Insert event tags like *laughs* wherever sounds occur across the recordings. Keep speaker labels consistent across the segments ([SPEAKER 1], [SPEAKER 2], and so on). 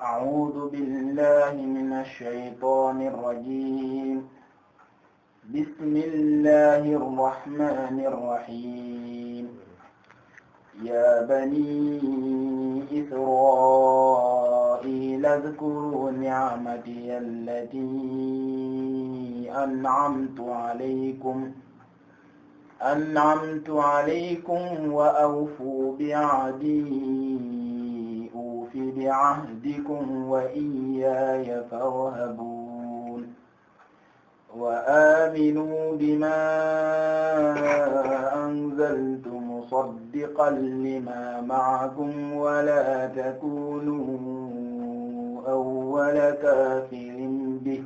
[SPEAKER 1] أعوذ بالله من الشيطان الرجيم بسم الله الرحمن الرحيم يا بني إسرائيل اذكروا نعمتي التي أنعمت عليكم أنعمت عليكم وأوفوا بعهدي بعهدكم وإياي فارهبون وآمنوا بما أنزلت مصدقا لما معكم ولا تكونوا أول كافر به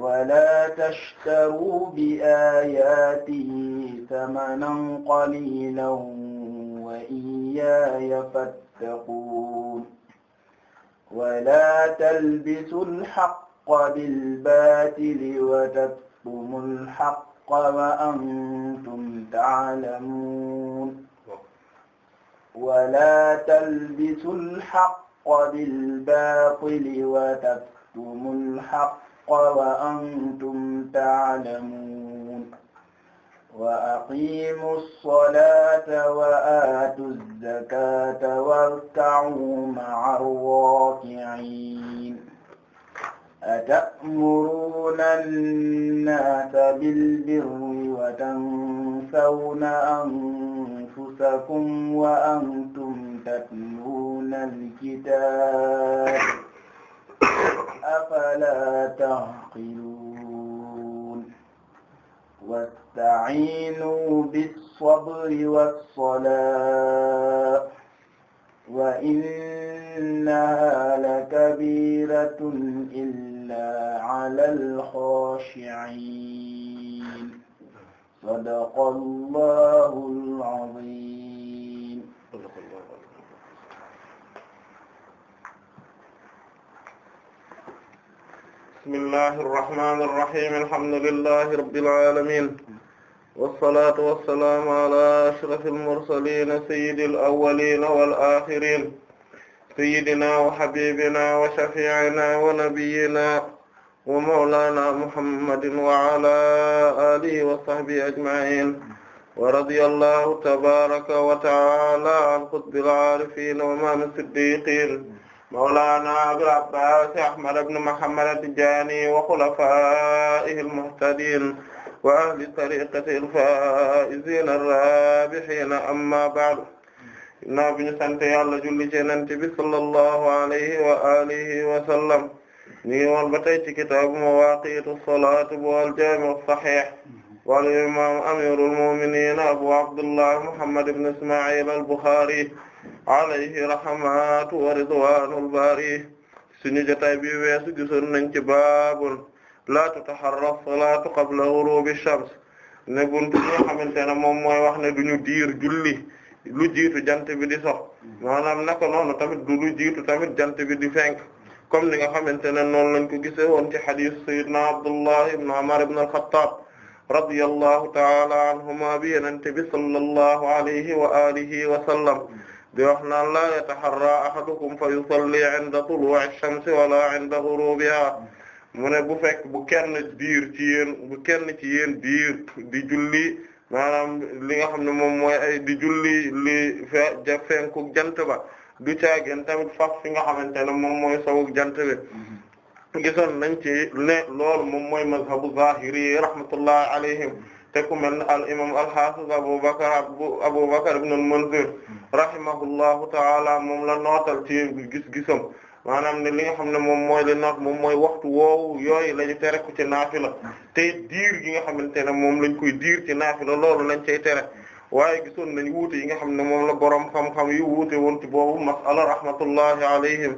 [SPEAKER 1] ولا تشتروا بآياتي ثمنا قليلا وإياي فاتقون تتقون ولا تلبسوا الحق بالباطل وتكتموا الحق وأنتم تعلمون ولا تلبسوا الحق بالباطل وتكتموا الحق وأنتم تعلمون وأقيموا الصلاة وآتوا الزكاة واركعوا مع الراكعين أتأمرون الناس بالبر وتنسون أنفسكم وأنتم تتلون الكتاب أفلا تعقلون واستعينوا بالصبر والصلاة وإنها لكبيرة إلا على الخاشعين صدق الله العظيم bismillahir rahmanir
[SPEAKER 2] rahim alhamdulillahi rabbil alamin wassalatu wassalamu ala ashrafil mursalin sayyidil awwalin wal akhirin sayyidina wa habibina wa shafi'ina wa nabiyyina wa mawlana muhammadin wa ala alihi wa sahbihi ajma'in wa radiyallahu tabaraka wa ta'ala an qutbil arifin wa ma'an siddiqin mawlaana Abul Abbaas Ahmad ibn Muhammad at-Tijaani wa xulafaa'ihi al-muhtadiin wa ahli tariiqatihi al-faa'iziina ar-raabihiina ammaa ba'du. Ginnaaw bi ñu sant Yàlla julli ci Yonent bi sallallahu alayhi wa aalihi wa sallam. Ñu ngi woon ba tey ci kitaabu mawaaqiitu salaat bu al-jaami' as-sahiih wa al-imaam amiirul mu'miniin Abu Abdullah Muhammad ibn Ismaa'iil al-Bukhaari alayhi rahmatu wa ridwanul bari suñu jotaay bi weesu gisoon nañ ci baabul la tutaharra salaatu qabla ghurubi shams ne buntu bi nga xamante ne moom mooy wax ne duñu diir julli lu jiitu jant bi di sox maanaam naka noonu tamit du lu jiitu tamit jant bi di fenk comme ni nga xamante ne noonu lañ ko gisee woon ci hadith sayyidina Abdullah ibn Umar ibn al-Khattab radiyallahu ta'ala anhuma bi yenente bi sallallahu alayhi wa alihi wa sallam di wax naan laa yataharra ahadukum fa yusalli inda tulu'i ash-shams wala inda ghurubiha mu ne bu fekk bu kenn diir ci yéen bu kenn ci yéen diir di julli maanaam li nga xam ne moom mooy ay di julli li fe ja fenku jant ba du caageen tamit faf fi nga xamante ne moom mooy sowuk jant bi
[SPEAKER 3] mm-hmm.
[SPEAKER 2] gisoon nañ ci ne loolu moom mooy mazhabu zahiri rahmatullahi alayhim te ku mel ne al imam al-hafiz Aboubacar Aboubacar ibn al-Munzir rahimahullahu ta'ala moom la nootal ci gis-gisam maanaam ne li nga xam ne moom mooy li noot moom mooy waxtu woowu yooyu la tere ku ci naafila tey diir gi nga xamante ne moom lañ koy diir ci naafila loolu lañ cay tere waaye gisoon nañ wuute yi nga xam ne moom la gorom xam-xam yu wuute woon ci boobu mas'ala rahmatullahi alayhim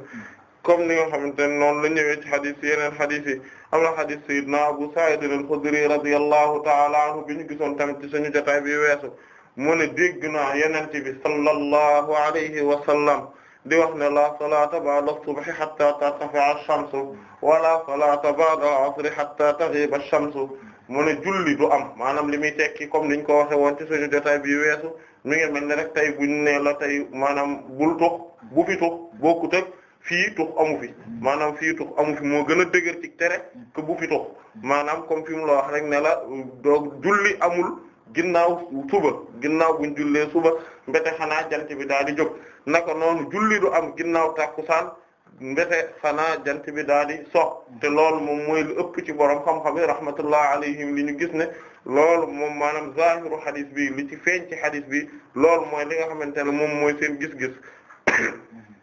[SPEAKER 2] comme ni nga xamante ne noonu la ñëwee ci xadis yi yeneen xadis yi am na xadis sayyidina Abu Sa'id al-Khudri radiyallahu ta'ala anhu bi ñu gisoon tamit ci suñu jotaay bi weesu mu ne dégg naa yonent bi sallallahu alayhi wa sallam di wax ne la salata ba'da subhi hatta tartafi'a ash-shamsu wa la salata ba'da al-'asri hatta taghiba ash-shamsu mu ne julli du am maanaam li muy tekki comme niñ ko waxe woon ci suñu jotaay bi weesu mi ngi mel ne rek tey buñ ne la tey maanaam bul tux bu fi tux bokkut ak fii tux amu fi maanaam fii tux amu fi moo gën a dëgër ci tere que bu fi tux maanaam comme fi mu la wax rek ne la julli amul ginnaaw suba ginnaaw buñ jullee suba mbete xanaa jant bi daal di jóg naka noonu julli du am ginnaaw tàkkusaan mbete xanaa jant bi daal di sox te loolu moom mooy lu ëpp ci borom xam-xam yi rahmatullah alayhim li ñu gis ne loolu moom maanaam zahiru hadis bi li ci feeñ ci hadis bi lool mooy li nga xamante ne moom mooy seen gis-gis *coughs*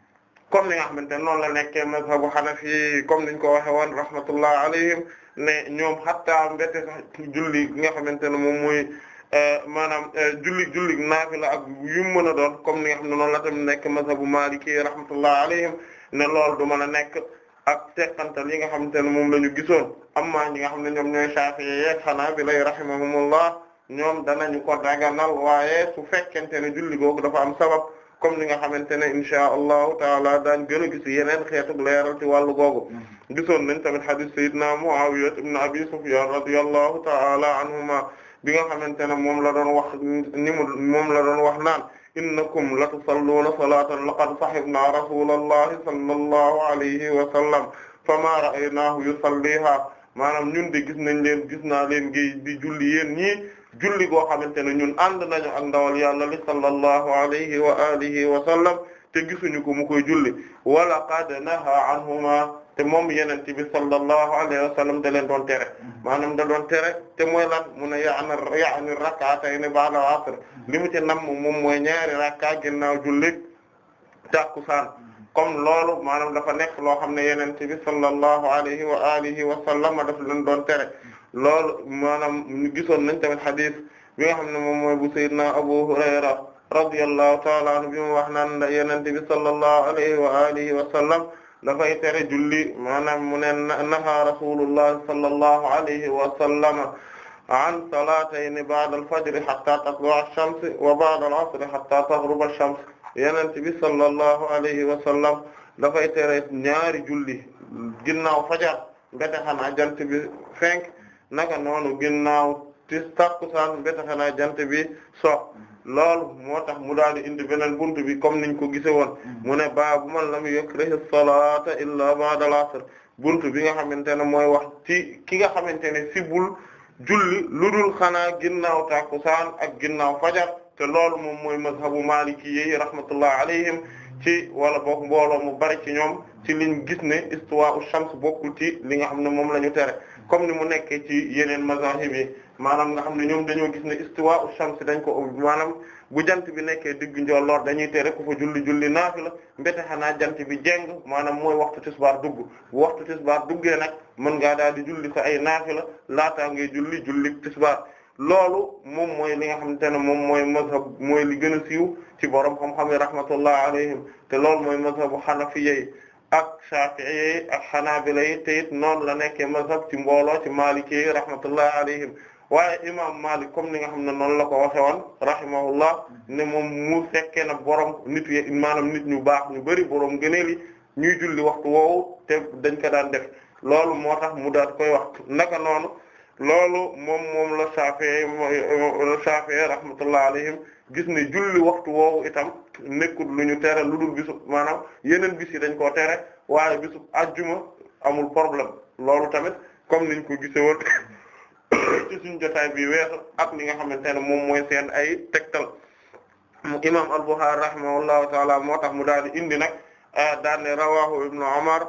[SPEAKER 2] comme ni nga xamante ne noonu la nekkee mazhabu hanafi comme niñ ko waxe woon rahmatullah alayhim ne ñoom xattaa mbette sax julli nga xamante ne moom mooy euh, maanaam euh, julli julli naafila ak yu mën a doon comme ni nga xam ne noonu la tamit nekk mazhabu maliki rahmatullah alayhim ne loolu du mën a nekk ak teqantal yi nga xamante ne moom la ñu gisoon amma ñi nga xam ne ñoom ñooy Shafi'i yeeg Hanabila rahimahumullah ñoom danañu ko daganal waaye su fekkente ne julli googu dafa am sabab comme ni nga xamante ne inshaa allahu taala daan gën a gis yeneen xeetuk leeral ci wàllu googu mm-hmm. gisoon nañ tamit hadith sayyidina Muawiya ibn Abi Sufyan radiyallahu taala anhuma bi nga xamante ne moom la doon wax ni mu moom la doon wax naan innakum la tusalluuna salaatan laqad sahibnaa rasulallahi sallallahu alayhi wa sallam famaa ra'aynaahu yusallihaa maanaam ñun de gis nañ leen gis naa leen gi di julli yéen ñii julli goo xamante ne ñun ànd nañu ak ndawal yàlla li sallallahu alayhi wa alihi wa sallam te gisuñu ko mu koy julli wa laqad naha anhuma te moom yeneen bi sallallahu alayhi wa sallam da leen doon tere maanaam da doon tere te mooy lan mu ne yaana yaani rak'atayni ba'da asr li mu ci namm moom mooy ñaari rakka ginnaaw jullit tàkkusaan comme loolu maanaam dafa nekk loo xam ne yeneen bi sallallahu alayhi wa alihi wa sallam daf leen doon tere loolu maanaam ñu gisoon nañ tamit xadis bi nga xam ne moom mooy bu sayyidina Abu Hurayra radiyallahu ta'ala anhu bi mu wax naan da yenente bi sallallahu alayhi wa alihi wa sallam dafay tere julli maanaam mu ne naha rasulullah sallallahu alayhi wa sallama an salatayni ba'da al-fajr hatta tatlu'a ash-shams wa ba'da al-'asr hatta taghruba ash-shams yenente bi sallallahu alayhi wa sallam dafay tere ñaari julli ginnaaw fajar mbete xanaa jant bi fenk naka noonu ginnaaw tis takkusaan mbéta xanaa jant bi so loolu moo tax mu daal di indi beneen buntu bi comme niñ ko gise woon mm-hmm. mu ne baabu man lam yakrahi salata illa ba'da al-asr buntu bi nga xamante ne mooy wax ci ki nga xamante ne sibul julli lu dul xanaa ginnaaw takkusaan ak ginnaaw fajar te loolu moom mooy mazhabu maliki yi rahmatullah alayhim ci walla boog mbooloo mu bari ci ñoom ci liñ gis ne istiwaa'u shams bokkul ci li nga xam ne moom la ñu tere comme ni mu nekkee ci yeneen mazahib yi maanaam nga xam ne ñoom dañoo gis ne istiwa shams dañ ko maanaam bu jant bi nekkee digg njolloor dañuy tere ku fa julli julli naafila mbete xanaa jant bi jeng maanaam mooy waxtu tisbaar dugg bu waxtu tisbaar duggee mën ngaa daal di julli sa ay naafila laataa ngay julli julli tisbaar loolu moom mooy li nga xamante ne moom mooy mazhab mooy li gën a siiw ci borom xam-xam yi rahmatullah alayhim te loolu mooy mazhabu xanafi yi ak Shafi'i ak Hanabila yi te it noonu la nekkee ma mazhab ci mbooloo ci Maliki yi rahmatullahi alayhim waaye imam Malik comme ni nga xam ne noonu la ko waxe woon rahimahullah ne moom mu fekkee na borom nit yi maanaam nit ñu baax ñu bari borom gëneel ñuy julli waxtu woowu te dañ ko daan def loolu moo tax mu daal koy wax naka noonu loolu moom moom la Shafi'i la Shafi'i rahmatullahi alayhim gis ne julli waxtu woowu itam nekkul lu ñu tere lu dul bisub maanaam yeneen bis dañ koo tere waaye bisub ajjuma amul problème loolu tamit comme niñ ko gise woon *coughs* ci jotaay bi weesu ak li nga xamante ne moom mooy seen ay tegtal mu imam al-Bukhari rahimahullahu taala moo tax mu daal di indi nag ah, daan ne rawahu ibnu Umar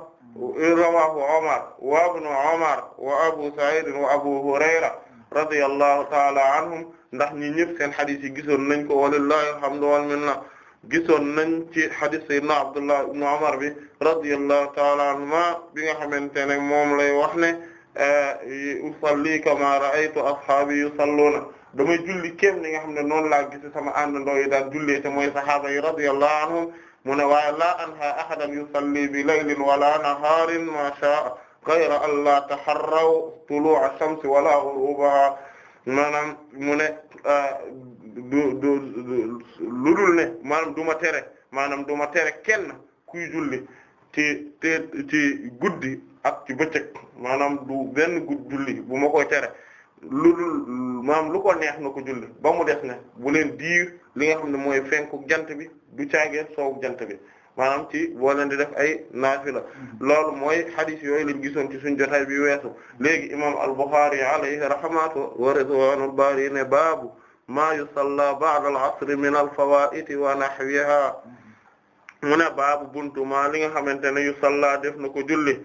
[SPEAKER 2] rawahu Umar wa ibnu Umar wa Abu Sa'id wa Abu Hurayra radiyallahu taala anhum ndax ñi ñëpp seen hadith yi nañ ko walillahi alhamdu wal gisoon nañ ci hadith sayyidina Abdullah ibn Umar bi radiyallahu ta'ala anhuma bi nga xamante ne moom lay wax ne eh, usalli kama ra'aytu ashaabi yusalluna damay julli kéem ni nga xam ne noonu laa gis sama àndandoo yi daal jullee te mooy sahaaba yi radiyallahu anhum mu ne waaye laa anha ahadan yusalli bi laylin wala naharin ma sha'a ghayra an la taharraw tulu'a shamsi wala ghurubaha maanaam mu ne eh, lu dul ne maanaam du ma tere maanaam du ma tere kenn kuy julli ci te ci guddi ak ci bëccëg maanaam du benn guddi julli bu ma koy tere lu dul maam lu ko neex na ko julli ba mu def ne bu leen diir li nga xam ne mooy fenku jant bi du caagee soowu jant bi maanaam ci boo leen def ay naafila mm-hmm. loolu mooy hadith yooyu lañ gisoon ci suñ jotaay bi weesu léegi imam al-Bukhari alayhi rahmatu wa ridwanul bari ne baabu maa yusalla ba'da al-'asri min al-fawaa'iti wa nahwihaa mu ne baabu buntu maa li nga xamante ne yusalla def na ko julli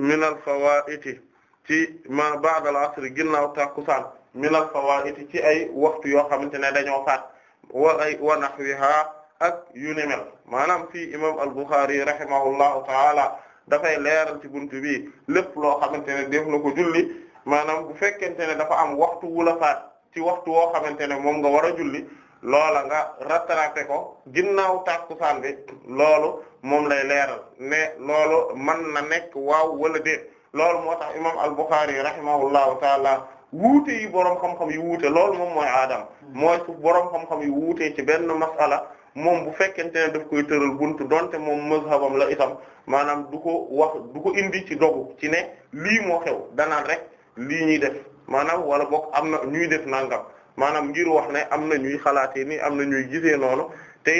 [SPEAKER 2] min al-fawaa'iti ci ma ba'da al-'asri ginnaaw takkusaan min al-fawaa'iti ci ay waxtu yoo xamante ne dañoo faat wa ay wa nahwihaa ak yu ni mel maanaam fii imaam al-Bukhari rahimahullahu ta'ala dafay leeral ci buntu bi lépp loo xamante ne def na ko julli maanaam bu fekkente ne dafa am waxtu wu la faat ci waxtu woo xamante ne moom nga war a julli loola nga rattrapé ko ginnaaw tàkkusaan bi loolu moom lay leeral ne loolu man na nekk waaw wala de loolu moo tax imam al-Bukhari rahimahullahu taala wuute yi boroom xam-xam yu wuute loolu moom mooy aadam mooy su boroom xam-xam yu wuutee ci benn masala moom bu fekkente ne daf koy tëral buntu donte moom mazhabam la itam maanaam du ko wax du ko indi ci dogu ci ne lii moo xew danaan rek lii ñuy def maanaam wala boog am na ñuy def nangam maanaam ngir wax ne am na ñuy xalaatee nii am na ñuy gisee noonu te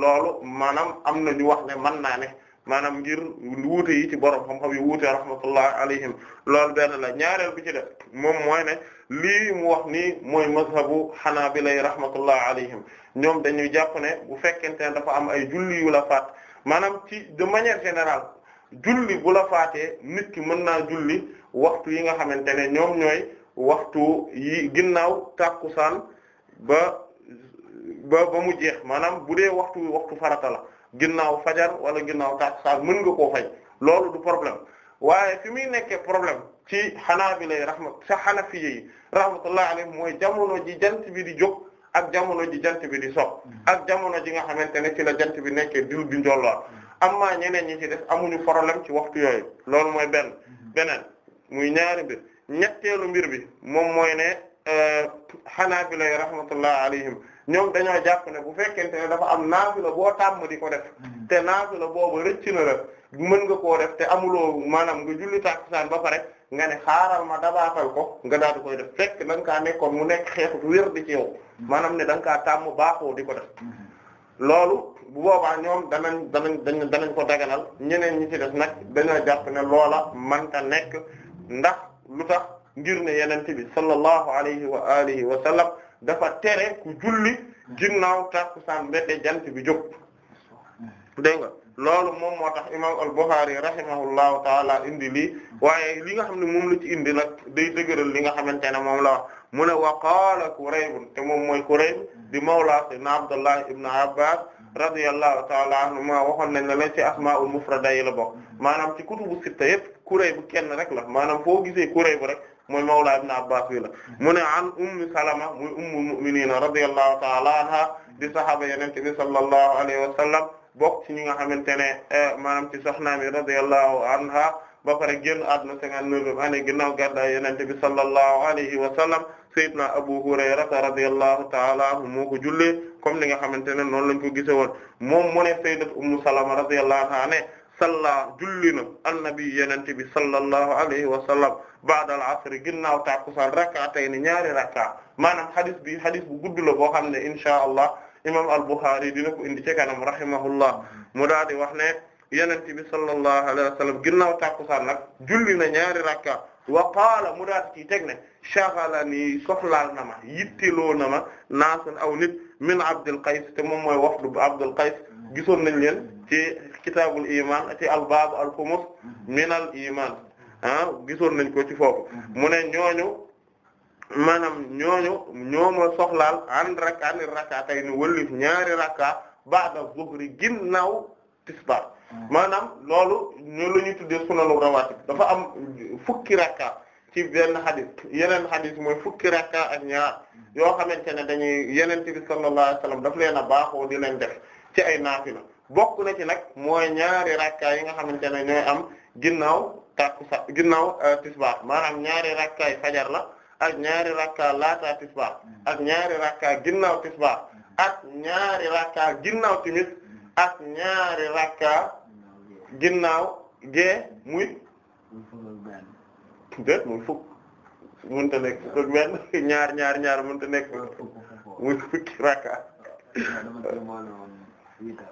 [SPEAKER 2] loolu maanaam am na ñu wax ne mën naa ne maanaam ngir wuute yi ci borom xam-xam yi wuute rahmatullah alayhim loolu benn la ñaareel bu ci def moom mooy ne lii mu wax nii mooy bi xanaabila rahmatullah alayhim ñoom dañuy jàpp ne bu fekkente ne dafa am ay julli yu la faat maanaam ci de manière générale julli bu la faatee nit ki mën naa julli waxtu yi nga xamante ne ñoom ñooy waxtu yi ginnaaw tàkkusaan ba ba ba mu jeex maanaam bu dee waxtu waxtu farata la ginnaaw fajar wala ginnaaw tàkkusaan mën nga koo fay loolu du problème waaye fi muy nekkee problème ci Hanaabila yi rahma sa Hanafi yi rahmatullah alayhim mooy jamono ji jant bi di jóg ak jamono ji jant bi di sopp ak jamono ji nga xamante ne ci la jant bi nekkee diw di njolloor amma ñeneen ñi ci def amuñu problème ci waxtu yooyu loolu mooy benn beneen muy ñaari mbir ñetteelu mbir bi moom mooy ne euh, Hanaabila rahmatullah alayhim ñoom dañoo jàpp ne bu fekkente ne dafa am naafila boo tàmm di ko def mm-hmm. te naafila boobu rëcc mën nga koo def te amuloo maanaam nga julli tàkkusaan ba pare nga ne xaaral ma dabaatal ko nga daal di koy def fekk da nga kaa nekkoon mu nekk xeexu wér di ci yow mm-hmm. maanaam ne da nga kaa tàmm baaxoo di ko def
[SPEAKER 3] mm-hmm.
[SPEAKER 2] loolu bu boobaa ñoom danañ danañ dañ danañ ko daganal ñeneen ñi ci def nag dañoo jàpp ne loola manta nekk ndax lu ngir ne yenente bi sallallahu alayhi wa alihi wa sallam dafa tere ku julli ginnaaw tàkkusaan mbete jant bi jóg dégg nga loolu moom moo tax imam al-Bukhari rahimahullahu taala indi lii waaye li nga xam ne moom la ci indi nag day dëgëral li nga xamante ne moom la wax mu wa qaala Kurayb te moom mooy Kurayb di mawla sayyidina Abdullah ibn Abbas radiyallahu taala anhuma waxoon nañ la ci asmaa'ul mufrada yi la bokk maanaam ci kutubu sitta yépp Kurayb bu kenn rek la maanaam foo gisee Kurayb bu rek mooy mawla ibn Abbas wi la mu ne an ummi Salama muy ummul mu'minina radiyallahu ta'ala anha di sahaaba yenente bi sallallahu alayhi wa sallam bokk ci ñi nga xamante ne eh, maanaam ci soxnaam yi radiyallahu anha ba pare génn àdduna cinquante-neuvième année ginnaaw gàddaay yenente bi sallallahu alayhi wa sallam sayyidna Abu Hurayrata radiyallahu ta'ala anhu moo ko jullee comme ni nga xamante ne noonu lañ ko gise woon moom mu ne sayyidat ummu salla julli na annabi yenente bi sallallahu alayhi wa sallam ba'dal asr ginnaaw tàkkusaan rak'atayn ñaari rakka maanaam hadis bi hadis bu gudd la boo xam ne inshaa allah imam al-Bukhari dina ko indi ci kanam rahimahullah mu daal di wax ne yenente bi sallallahu alayhi wa sallam ginnaaw tàkkusaan nag julli na ñaari rakka wa qaala mu daal ci teg ne shaghalani soxlaal na ma yittiloo na ma naasun aw nit min Abdul Qays te moom mooy wafdu Abdul Qays gisoon nañ kitaabul iman ci al baabu al xumus minal iman ah, gisoon nañ ko ci foofu mu ne ñooñu maanaam ñooñu ñooma soxlaal an rakka ni rakka tey nu wëllif ñaari rakka ba'da gin ginnaaw tisbaar maanaam loolu ñoo la ñuy tuddee sunanu rawaatib dafa am fukki rakka ci benn xadis yeneen xadis mooy fukki rakka ak ñaar yoo xamante ne dañuy yeneen bi sallallahu alayhi daf leen a baaxoo di leen def ci ay naafila bokk na ci nag mooy ñaari rakkaay yi nga xamante ne ñooy am ginnaaw takkusaan ginnaaw euh, tisbaar maanaam ñaari rakkaay fajar la ak ñaari rakkaa laata tisbaar mm-hmm. ak ñaari rakkaa ginnaaw tisbaar mm-hmm. ak ñaari rakkaa ginnaaw timis mm-hmm. ak ñaari rakkaa ginnaaw gee muy déet muy fukk mënta nekk *laughs* ñaar ñaar ñaar mënta nekk muy fukki rakkaa
[SPEAKER 1] *laughs*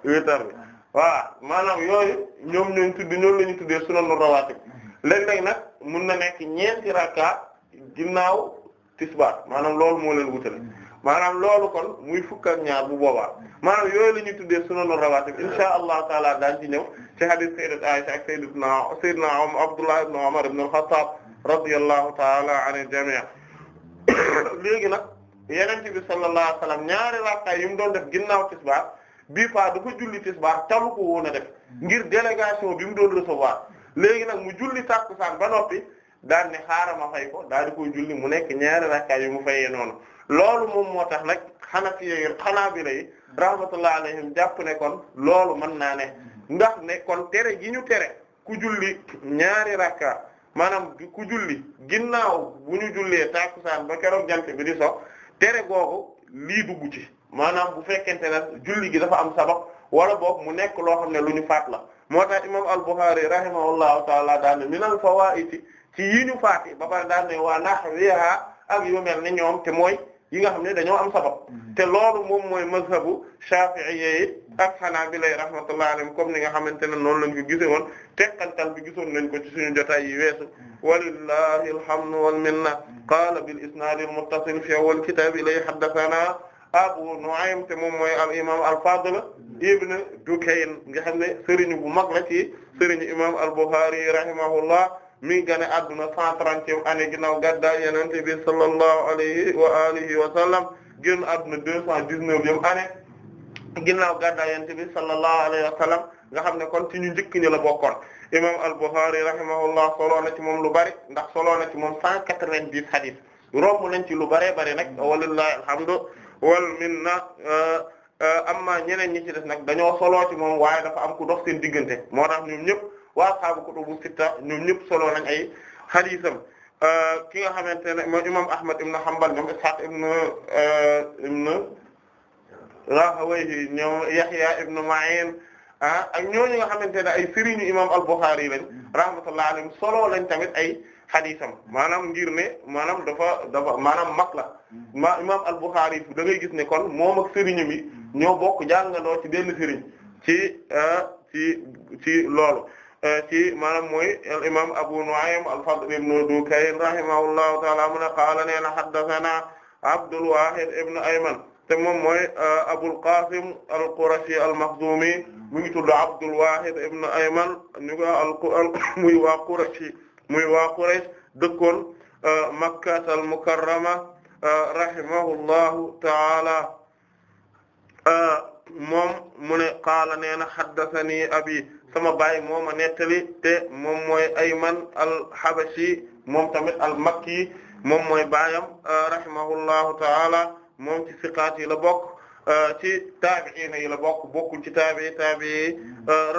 [SPEAKER 2] witar bi voilà maanaam yooyu ñoom ñooñu tudd ñoom la ñu tuddee sunanu rawaatib léeg-léeg nag mun na nekk ñeenti rakka ginnaaw tisbaar maanaam loolu moo leen wutale maanaam loolu kon muy fukk ñaar bu booba maanaam yooyu lañu ñuy tuddee sunanu rawaatib insha allahu taala daan ci ñëw ci hadith sayyidat Aisha ak sayyidina sayyidina Abdullah ibn Umar ibn al-Khattab radiyallahu taala anil jami' *coughs* léegi nag yenente bi sallallahu alayhi ñaari rakka yi doon def ginnaaw bii pas dafa julli tisbaar talu ko woon a def ngir délégation bi mu doon recevoir léegi nag mu julli tàkkusaan ba noppi daan ne xaaral ma fay ko daal di koy julli mu nekk ñaari rakka yu mu fayee noonu loolu moom moo tax nag xanafi yi xanaabila yi rahmatullah alayhim jàpp ne kon loolu mën naa ne ndax ne kon tere gi ñu tere ku julli ñaari rakka maanaam ku julli ginnaaw bu ñu jullee tàkkusaan ba keroog jant bi di sox tere googu lii dugg ci maanaam bu fekkente ne julli gi dafa am sabab wala boog mu nekk loo xam ne lu ñu faat la moo tax imam al-Bukhari rahimahullahu taala daan ne minal fawaa'iti ci yi ñu faati ba pare daan ne waa nahwiha ak yu mel ni ñoom te mooy yi nga xam ne dañoo am sabab mm-hmm. te loolu moom mooy mazhabu shafi'iyyi ak hanabila rahmatullahi alayhim comme ni nga xamante ne noonu lañ ko gise woon tekkantal bi gisoon nañ ko ci suñu jotaay yi weesu mm-hmm. walillahi alhamdu wal minna mm-hmm. qala bil isnad al muttasil fi awwal kitab ilay haddathana Abu Nu'aym te moom mooy al imaam al-Fadl ibn Dukayn nga xam ne sëriñ bu mag la ci sëriñ imaam al-Bukhari rahimahullah mi ngi gane adduna 130e année ginnaaw gàddaay Yonent bi sallallahu alayhi wa alihi wa sallam génn adduna 219e année ginnaaw gàddaay Yonent bi sallallahu alayhi wa sallam nga xam ne kon ci ñu njëkk ñu la bokkoon imam al-Bukhari rahimahullah soloo na ci moom lu bari ndax soloo na ci moom 190 hadith romb nañ ci lu bari bari nag walillahi alhamdu wal minna euh, euh, amma ñeneen ñi ci des nag dañoo soloo ci moom waaye dafa am ku dox seen diggante moo tax ñoom ñëpp waa saabu kutubu sitta ñoom ñëpp soloo nañ ay xadiisam euh, ki nga xamante ne mooy imam Ahmad ibn Hanbal ñoom Ishaq ibn ibn Rahawayhi ñoom Yahya ibn Ma'in ah ak ñooñu nga xamante ne ay sëriñu imam al-Bukhari lañ rahmatullahi alayhim soloo lañ tamit ay xadisam maanaam ngir ne maanaam dafa dafa maanaam mag la ma al-Bukhari da ngay gis kon moom ak sëriñu mi ñoo bokk jàngandoo ci benn sëriñ ci euh, ci ci loolu euh, ci maanaam mooy al imam Abu Nu'aym al-Fadl ibn Dukayn rahimahullahu ta'ala mun qaala nee na Abdul Wahid ibn Ayman te moom mooy euh, Abul Qasim al-Qurashi al-Makhzumi mu ngi Abdul Wahid ibn Ayman ñu ko al Qurashi muy waa Quraysh dëkkoon euh, Makkatal Mukarrama euh, rahimahullahu ta'ala euh, moom mu ne qaala nee na haddathani abi sama baay moom a nettali te moom mooy Ayman al-Habashi moom tamit al-Makki moom mooy baayam rahimahullahu ta'ala moom ci siqaat yi la bokk ci taabi'iin yi la bokk bokkul ci taabi'i taabi'i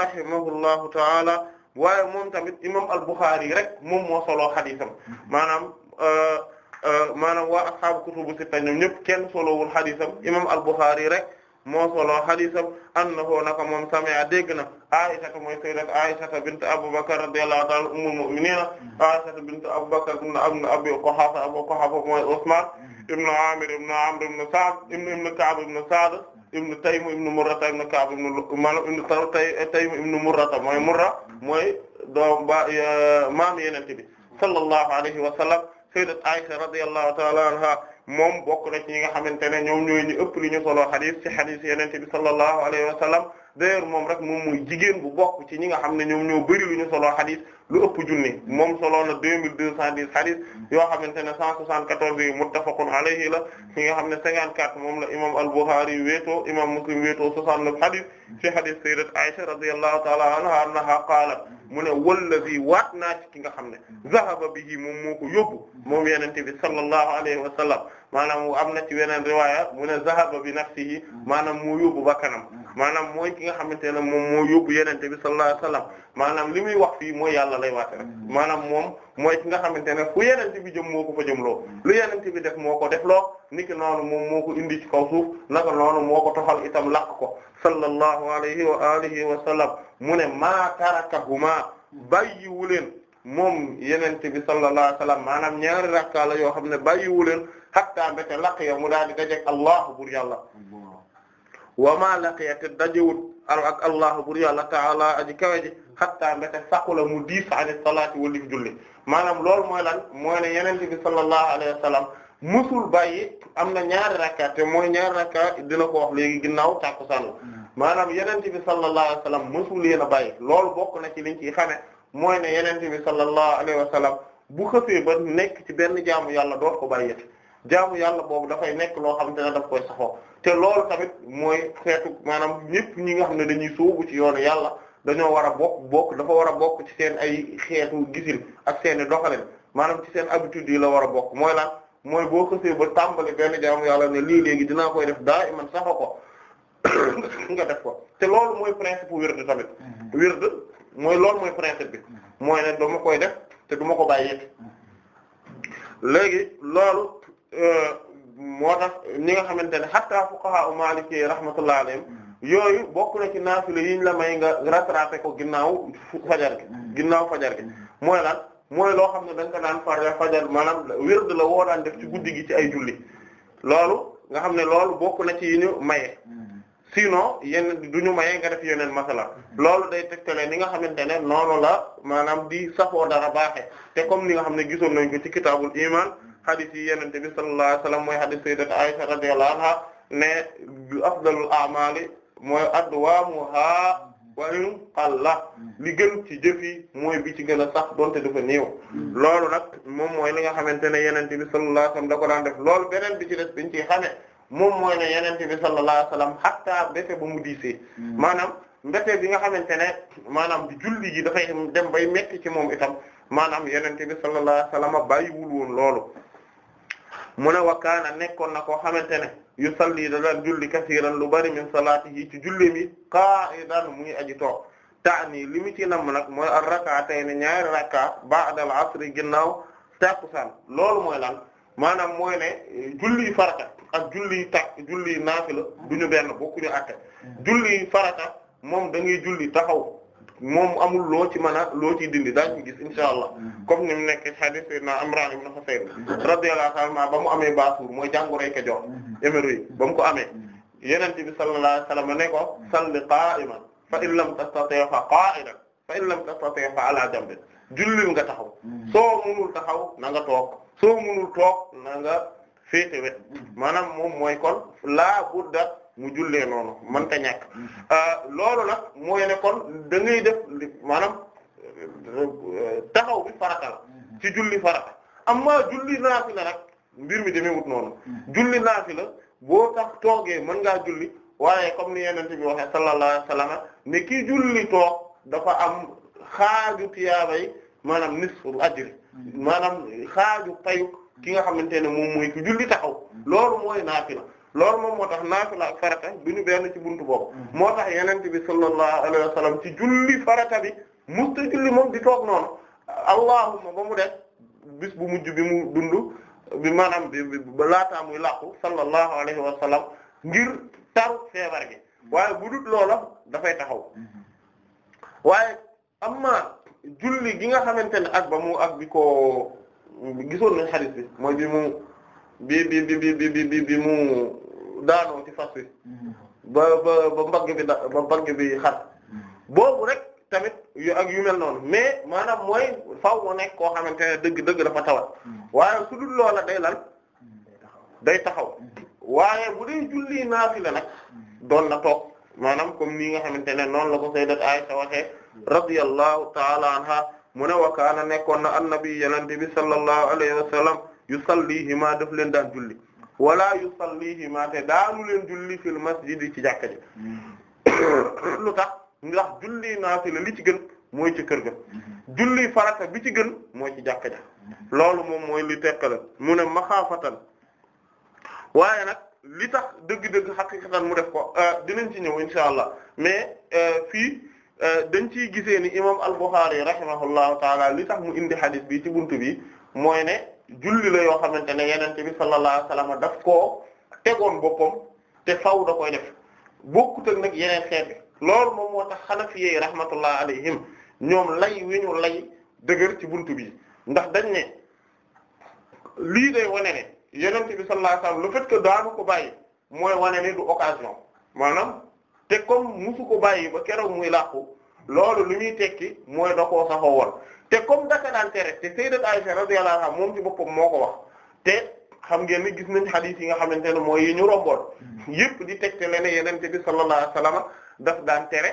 [SPEAKER 2] rahimahullahu ta'ala waaye moom tamit imam al-Bukhari rek moom moo soloo xadisam maanaam euh, euh, maanaam waa ashaabu kutubu sitta ñoom ñëpp kenn solowul xadisam imam al-Bukhari rek moo soloo xadisam annahu naka moom sami'a dégg na Aisha mooy sayyidat Aisha bint Abubakar radiyallahu ta'ala ummul mu'minin Aisha bint Abubakar ibn Abi Quhafa Abu Quhafa mooy Usman mm-hmm. ibn Amir ibn Amr ibn Sa'd ibn Ka'b ibn Sa'd ibnu Taym ibnu Murrata ibnu Ka'b ibnu maanaam ibnu taw tay Taym ibnu Murrata mooy Murra mooy doom ba maam Yonent bi sallallahu alayhi wa sallam sayyidat Aisha radiyallahu ta'ala anha moom bokk na ci ñi nga xamante ne ñoom ñooy ñu ëpp li ñu solo xadis ci xadis Yonent bi sallallahu alayhi wa sallam d'ailleurs moom rek moom muy jigéen bu bokk ci ñi nga xam ne ñoom ñoo bari lu ñu solo xadis lu ëpp junni moom solo na deux mille deux cent dix hadith yoo xamante ne cent soixante-quatorze yi muttafaqun alayhi la fi nga xam ne cinquante-quatre moom la imam al-Bukhari wéetoo imam Muslim wéetoo soixante-neuf hadith fi hadith sayyidat Aisha radiyallahu ta'ala anha annaha qalat mu ne wallazi waat naa ki nga xam ne zahaba bihi moom moo ko yóbbu moom yenente bi sallallahu alayhi wa sallam maanaam am na ci weneen riwaaya mu ne zahaba bi nafsihi maanaam moo yóbbu bakkanam maanaam mooy ki nga xamante ne moom moo yóbbu yenente bi sallallahu alayhi wa maanaam li muy wax fii mooy yàlla yàlla lay waate rek mm. maanaam moom mooy ki nga xamante ne fu yenente bi jëm moo ko fa jëmloo mm. lu yenente bi def moo ko defloo niki noonu moom moo ko indi ci kaw suuf naka noonu moo ko toxal itam laq ko sallallahu alayhi wa alihi wa sallam mu ne maa tarakahuma bàyyiwu leen moom yenente bi sallallahu alayhi wa sallam maanaam ñaari rakka la yoo xam ne bàyyiwu leen hatta mbéte laq ya mu daal di dajeg allahu bur yàlla wa ma laqiya te dajewut ak allahu bur yàlla taala xattaa mbéte saqula mu diis ani salaati walif julli maanaam loolu mooy lan mooy ne yenente bi sallallahu alayhi wa sallam bàyyi am na ñaari rakka te mooy ñaari rakka dina ko wax léegi ginnaaw tàkkusaan maanaam yenente bi sallallahu alayhi wa sallam musul a bàyyi loolu bokk na ci liñ ciy xame mooy ne yenente bi sallallahu alayhi wa sallam bu xëfee ba nekk ci benn jaamu yàlla doot ko bàyyi jaamu yàlla boobu dafay nekk loo xam te ne daf koy saxoo te loolu tamit mooy xeetu maanaam ñëpp ñi dañoo war a bokk bokk dafa war a bokk ci seen ay xeetu gisin ak seeni doxalin maanaam ci seen habitude yi la war a bokk mooy lan mooy boo xësee ba tàmbali benn jaamu yàlla ne lii léegi dinaa koy def daa iman saxa ko *coughs* def ko te loolu mooy bu wird tamit mm-hmm. wird mooy loolu mooy principe bi mm-hmm. mooy ne dama koy def te duma ko bàyyi mm-hmm. léegi loolu euh, moo tax ñi nga xamante ne hatta fuqaha u maliki rahmatullah alayhim yooyu bokk na ci naafila yiñ la may nga rattrapé ko ginnaaw fajar gi mm-hmm. ginnaaw fajar gi mm-hmm. mooy lan mooy loo xam ne da nga ko daan fajar fajar maanaam wird la woo daan def ci guddi gi ci ay julli loolu nga xam ne loolu bokk na ci yi ñu maye mm-hmm. sinon yenn du ñu maye nga def yeneen masala loolu day tegtale ni nga xamante ne noonu la maanaam di safoo dara baaxe te comme ni nga xam ne gisoon nañ ko ci kitaabul iman hadith yi yenente bi sallallahu alayhi wasallam mooy hadith sayyidat Aisha radiyallahu anha ne afdalul a'mali mooy adwaamuha wa in qalla mm-hmm. li gën ci jëf mooy bi ci gën a sax donte dafa néew mm-hmm. loolu nag moom mooy li nga xamante ne yenente bi sallallahu alayhi wasallam da ko daan loolu beneen bi ci des biñ ciy xamee moom mooy ne yenente bi sallallahu alayhi wasallam hatta mbéte ba mu diisee mm-hmm. maanaam mbéte bi nga xamante ne maanaam di julli ji dafay dem bay metti ci moom itam maanaam yenente bi sallallahu alayhi wasallam bàyyiwul woon loolu mu ne wa kaana nekkoon na koo xamante ne yusalli da daan julli kasiiran lu bari min salaatihi ci julleem yi qaa'idan muy aji toog taani li mu ci namm nag mooy ar rak'atayni ñaari rakka ba'da al asri ginnaaw takkusaan loolu mooy lan maanaam mooy ne julli farata ak julli tak julli naafila du ñu benn bokkuñu àtte hmm. julli farata moom da ngay julli taxaw moom amul loo ci mën a loo ciy dindi daañu ko gis insha allah mm-hmm. comme ni mu nekk hadith sayyidina Imran ibn Husayn mm-hmm. radiyallahu anhu ba mu amee baasuur mooy jàngoroy Kajoor hémorroïde mm-hmm. ba mu ko amee Yonent bi sallallahu alayhi wa sallam ne ko salli qaa'iman fa in lam tastati' fa qaa'idan fa in lam tastati' fa ala janbin jullil nga taxaw soo mënul taxaw na nga toog soo mënul toog nanga nga féete wet maanaam moom mooy kon laa budda mu jullee noonu mënta ñàkk mm-hmm. euh, loolu nag mooy ne kon da def maanaam taxaw bi mm-hmm. ci julli farata amma julli naafila nag mbir mi demee wut noonu mm-hmm. julli naafila boo tax toogee mën ngaa julli waaye comme ni yenente bi waxee sallallahu alayhi wasallam ne ki julli toog dafa am xaaju tiyaabay maanaam nisful ajri maanaam xaaju payu ki nga xamante ne moom mooy ki julli taxaw loolu mooy naafila loolu moom moo tax naafila ak farata bi ñu benn ci buntu boobu mm. moo tax yenente bi sallallahu alayhi wa sallam ci julli farata bi musta julli moom di toog noonu allahumma ba mu def bis bu mujj bi mu dund bi maanaam bi laata muy làqu sallallahu alayhi wa sallam ngir taru feebar gi waaye bu dul loola dafay taxaw mm-hmm. waaye amma julli gi nga xamante ne ak ba mu ak bi ko gisoon na xadiis bi mooy bi mu bi bi bi bi bi bi bi mu daanoo ci fas wi mm-hmm. ba ba ba mbagg bi da ba bi xat mm-hmm. boobu rek tamit yu ak yu mel noonu mais maanaam mooy faaw mu nekk koo xamante ne dëgg dëgg dafa tawat mm-hmm. waaye su dul loola day lan day taxaw waaye bu dee julli naafila nag doon na toog maanaam comme nii nga xamante ne noonu la ko sayyidat Aisha waxee radiyallahu ta'ala anha mu ne wa kaana nekkoon na annabi yenente bi sallallahu alayhi wa yu yusallihimaa daf leen daan julli wala yusallihimaa te daanu leen julli fil masjid ci jàkka ji lu tax ndax julli naafila li ci gën mooy ci kër ga julli farata bi ci gën mooy ci jàkka ja loolu moom mooy li tekkale mu ne maxaafatan waaye nag li tax dëgg-dëgg xaqiqatan mu def ko euh, dinañ ci ñëw insha allah mais euh, fii euh, dañ ciy gisee ni imam al-Bukhari rahimahullahu taala li tax mu indi hadith bi ci buntu bi mooy ne julli la yoo xamante ne yenente bi sallallahu alayhi wasallam daf koo tegoon boppam te faw da koy def bokkut ak nag yeneen xeet bi loolu moom moo tax xanafiyey rahmatullah alayhim ñoom lay wi ñu lay dëgër ci bunt bi ndax dañ ne lii day wane ne yenente bi sallallahu alayhi wasallam le fait que daanu ko bàyyi mooy wane ne du occasion maanaam te comme musu ko bàyyi ba keroog muy làqu loolu lu muy tekki mooy da saxoo woon te comme daka daan tere te sayyidat Aisha radiyallahu anha moom ci boppam moo ko wax te xam ngeen ni gis nañ hadith yi nga xamante ne mooy yi ñu romboon hmm. yëpp di tegte leen yenente bi sallallahu alayhi wasallam daf daan tere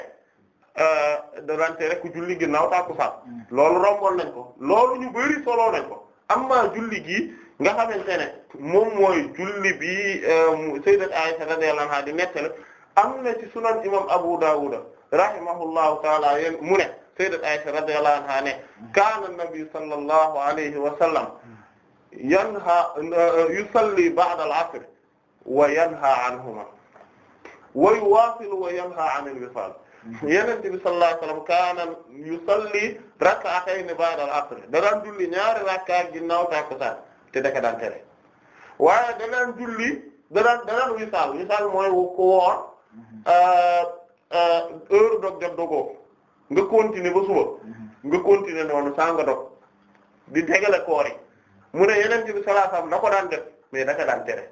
[SPEAKER 2] euh, da daan tere ku julli ginnaaw tàkkusaan hmm. loolu romboon nañ ko loolu ñu bari soloo nañ ko amma julli gi nga xamante ne moom mooy julli bi euh, sayyidat Aisha radiyallahu anha di nettale am na ci sunan imam Abu Dawud rahimahullahu taala yéen mu ne sayyidat Aisha radiyallahu anha ne kaana nabi sallallahu alayhi wa sallam yanha yusalli ba'da al-'asr wa yanha anhuma wa yuwasilu wa yanha 'an al-wisal Yonent bi sallallahu alayhi wa sallam kaana yusalli rak'atayn ba'da al-'asr da daan julli ñaari rakka ginnaaw takkusaan te da ka daan tere waaye da daan julli da daan da daan wisaal wisaal mooy ko woor euh, euh, heure dog jot dogoo nga continuer ba suba mm-hmm. nga continuer noonu saa nga dog di tegale koor mu ne yeneen ci bi sallallahu alayhi ko daan def mais da daan tere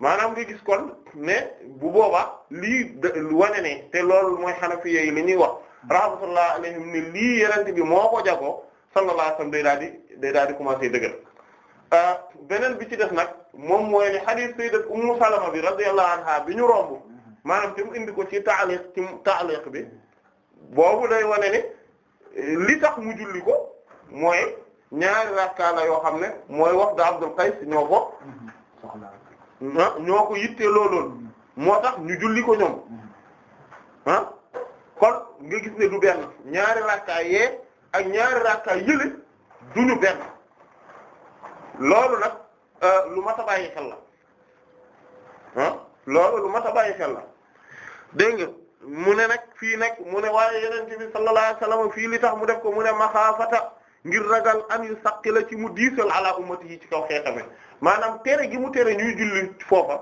[SPEAKER 2] maanaam nga gis kon ne bu boobaa lii wane ne te loolu mooy Hanafiya yi li ñuy wax mm-hmm. rahmatullah alayhim ne lii yeneen bi moo ko jagoo sallallahu alayhi wasallam day daal di day daal di commencer dëggal euh, beneen bi ci def nag moom mooy ne hadith sayyidat Ummu Salama bi radiyallahu anha bi ñu romb mm-hmm. maanaam te mu indi ko ci ta'liq ci ta'liq bi. boobu day wane ne li tax mu julli ko mooy ñaari rakka la yoo xam ne mooy wax da Abdul Qays ñoo ko ah ñoo ko yitte looloon moo tax ñu julli ko ñoom ah kon nga gis ne du benn ñaari rakka yee ak ñaari rakka yële duñu benn loolu nag euh, lu mat a bàyyi xel la ah loolu lu mat a bàyyi xel la dégg nga mu ne nag fii nag mu ne waaye yeneen bi sallallahu alayhi wasallam fii li tax mu def ko mu ne maxaafata ngir ragal am yu saqila ci mu diisal ala ummati yi ci kaw xeetame maanaam tere gi mu tere ñuy julli foofa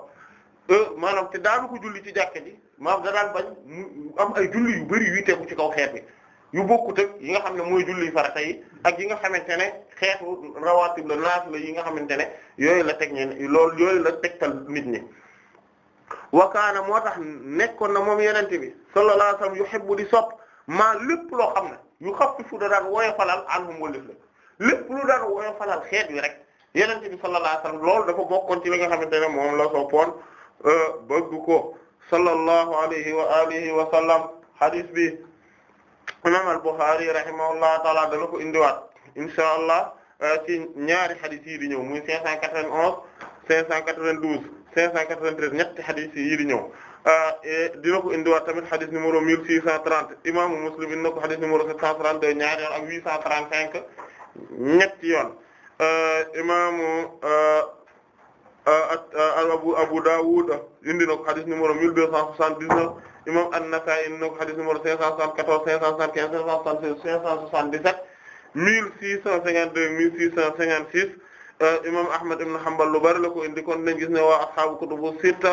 [SPEAKER 2] euh, maanaam te daanu ko julli ci jàkka ji maam da daan bañ am ay julli yu bari yuy tegu ci kaw xeet bi yu bokkut ak yi nga xam ne mooy julli farata yi ak yi nga xamante ne xeetu rawaatib la naafila yi nga xamante ne yooyu la teg ñeen loolu yooyu la tegtal nit ñi wakaana moo tax nekkoon na moom yenente bi sallallahu alayhi wasallam yuhibbu di sopp maa lépp loo xam ne yu xafifu da daan woyofalal anhum walif la lépp lu daan woyofalal xeet wi rek yenente bi sallallahu alayhi wasallam loolu dafa bokkoon ci li nga xamante ne moom la soppoon euh, bëgg ko sallallahu alayhi wa alihi wa sallam hadis bi imam al-Bukhari rahimahullahu taala dana ko indiwaat insha allah euh, ci ñaari hadis yi di ñëw muy 591 592 593 ñetti xadis yi di ñëw ah, dina ko indiwaat tamit xadis numéro 1630 imaamu Muslim dina ko xadis numéro 732 ñaari yoon ak 835 ñetti yoon ah, imaamu ah, abu Abu Dawud indi na ko xadis numéro 1279 imam An-Nasa'i indi na ko xadis numéro 574 575 576 577 1652 1656 Euh, imam Ahmad ibn Hanbal lu bari la ko indi kon nañ gis ne waa ashaabu kutubu sitta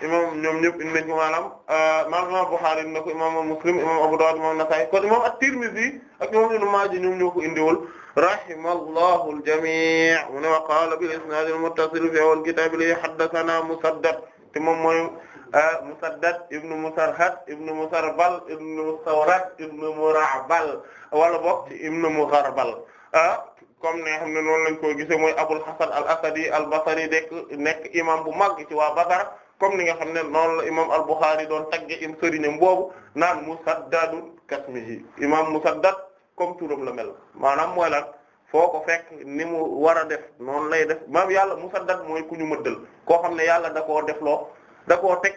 [SPEAKER 2] imam ñoom ñëpp indi nañ ko maanaam euh, maanaam Bukhari na ko imam Muslim imam Abu Dawud imam Nasa'i kon imam at-Tirmidhi ak ñoom Ibn Maaja ñoom ñoo ko indiwul rahimallahu al-jamii' mu ne wa qaala bil isnaad al-muttasil fi awwal kitaab li haddathana Musaddad te moom mooy euh, Musaddad ibn Musarhad ibn Musarbal ibn Mustawrad ibn Mura'bal wala bokk ci ibn Mugharbal ah comme ne xam ne noonu lañ ko gisee mooy Abul Hasan al-Asadi al-Basri dek nekk imam bu mag ci waa Basra comme ni nga xam ne noonu la imam al-Bukhari doon tagge im sëriñam boobu naan Musaddadun kasmihi imam Musaddad comme turam la mel maanaam mooy lan foo ko fekk ni mu war a def noonu lay def maam yàlla Musaddad mooy ku ñu mëddal koo xam ne yàlla da koo defloo da koo teg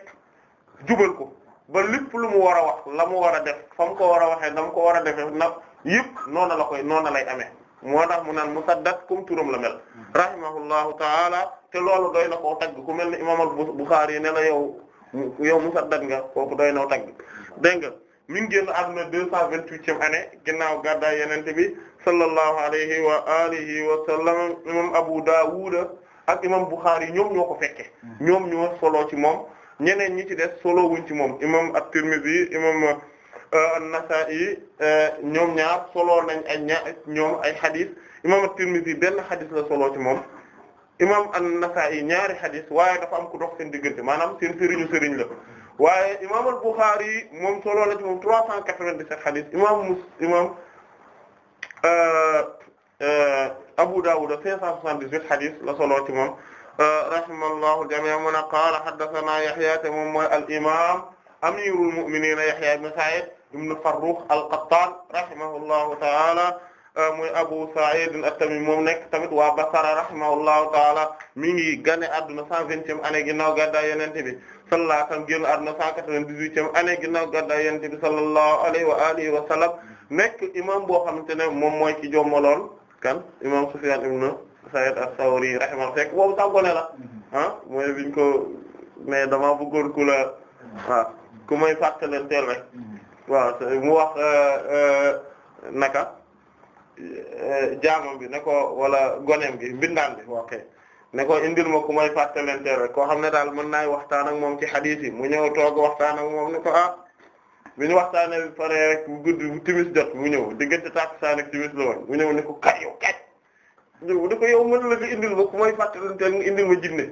[SPEAKER 2] jubal ko ba lépp lu mu war a wax la mu war a def fa mu ko war a waxee na mu ko war a defee nag yëpp noonu la koy noonu lay amee moo tax mu naan musaddad comme turam la mel rahimahullahu taala te loolu doy na koo tagg ku mel ni imam al-Bukhari ne la yow yow musaddad nga kooku doy na tagg dégg nga mi ngi génn àdduna deux cent vingt-huitième année ginnaaw gàddaay yenente bi sallallahu alayhi wa alihi wa sallam imam Abu Dawud ak imam Bukhari ñoom ñoo ko fekke ñoom ñoo solo ci moom ñeneen ñi ci des solo wuñ ci moom imam at-Tirmidhi imam Euh, an-Nasa'i euh, ñoom ñaar solo nañ ay ña ñoom ay xadis imam at-Tirmidhi benn xadis la solo ci moom imam an-Nasa'i ñaari xadis waaye dafa am ku dox seen diggante maanaam seen sëriñu sëriñ la waaye imam al-Bukhari moom solo na ci moom 397 xadis imam mus imam euh, Abu Dawud a xadis la solo ci moom rahimallahu jami'an mu ne qaala Yahya te moom mooy al-imam amirul mu'minin Yahya ibn Sa'id ibn Farrukh al-Qattan rahimahullahu taala euh, muy Abu Sa'id at-Tamimi nekk tamit waa Basra rahimahullahu taala mi ngi gane adduna cent vingtième année ginnaaw gàddaay Yonent bi sallallahu alayhi wa sallam génn adduna cent quatre-vingt-dix-huitième année ginnaaw gàddaay Yonent bi sallallahu alayhi wa alihi wa sallam nekk imam boo xamante ne moom mooy ci jommaloon kan imam Sufyan ibn Sa'id as-Sawri rahimahullahu fekk boobu sax gone la ah mooy biñ ko mais damaa ku la ku may fàttalanteel rek waaw mu wax euh, euh, naka euh, jaamam bi ne ko wala goneem gi mbindaan bi ok ne indil ma ku may fàttalanteel rek koo xam ne daal mën naay waxtaanak moom ci xadiis mu ñëw toog waxtaan ak moom ne ko ah bi ñu waxtaanee bi pare rek bu gudd bu timis jot mu ñëw diggante takkusaan ak timis la woon mu ñëw ne ko kay yow kay ñëw ne ko yow mën la nga indil ma ku may fàttalanteel nga indil ma jinne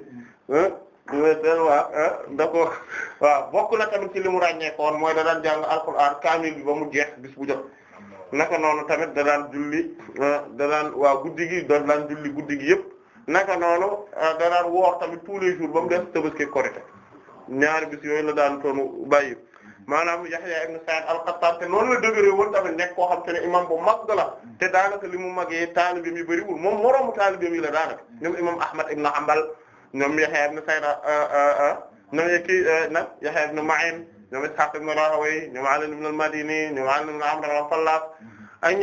[SPEAKER 2] mm. ah, wa da ko waaw bokk na tamit ci li mu ràññeekoon mooy da daan jàng alquran kaamil bi ba mu jeex bis bu jot naka noonu tamit da daan julli ah, da daan waaw guddi gi da daan guddi yëpp naka noonu ah, da daan woor tamit tous les jours ba mu des tabaski korite ñaari bis yooyu la daan toonu bàyyi maanaam Yahya ibn Sa'id al te noonu la dëgëree woon tamit nekk koo xam te ne imam bu mag la te daanaka li mu magee taalibe mi bëriwul moom mu taalibe mi la daanaka ñoom imam Ahmad ibn Hanbal ñoom Yahya ibn Sa'id ah, ah, ah, ñoom ki eh, nag Yahya ibn Ma'in ñoom Ishaq ñoom Ali ibn al-Madini ñow Ali ibn Amr al-Fallaas ak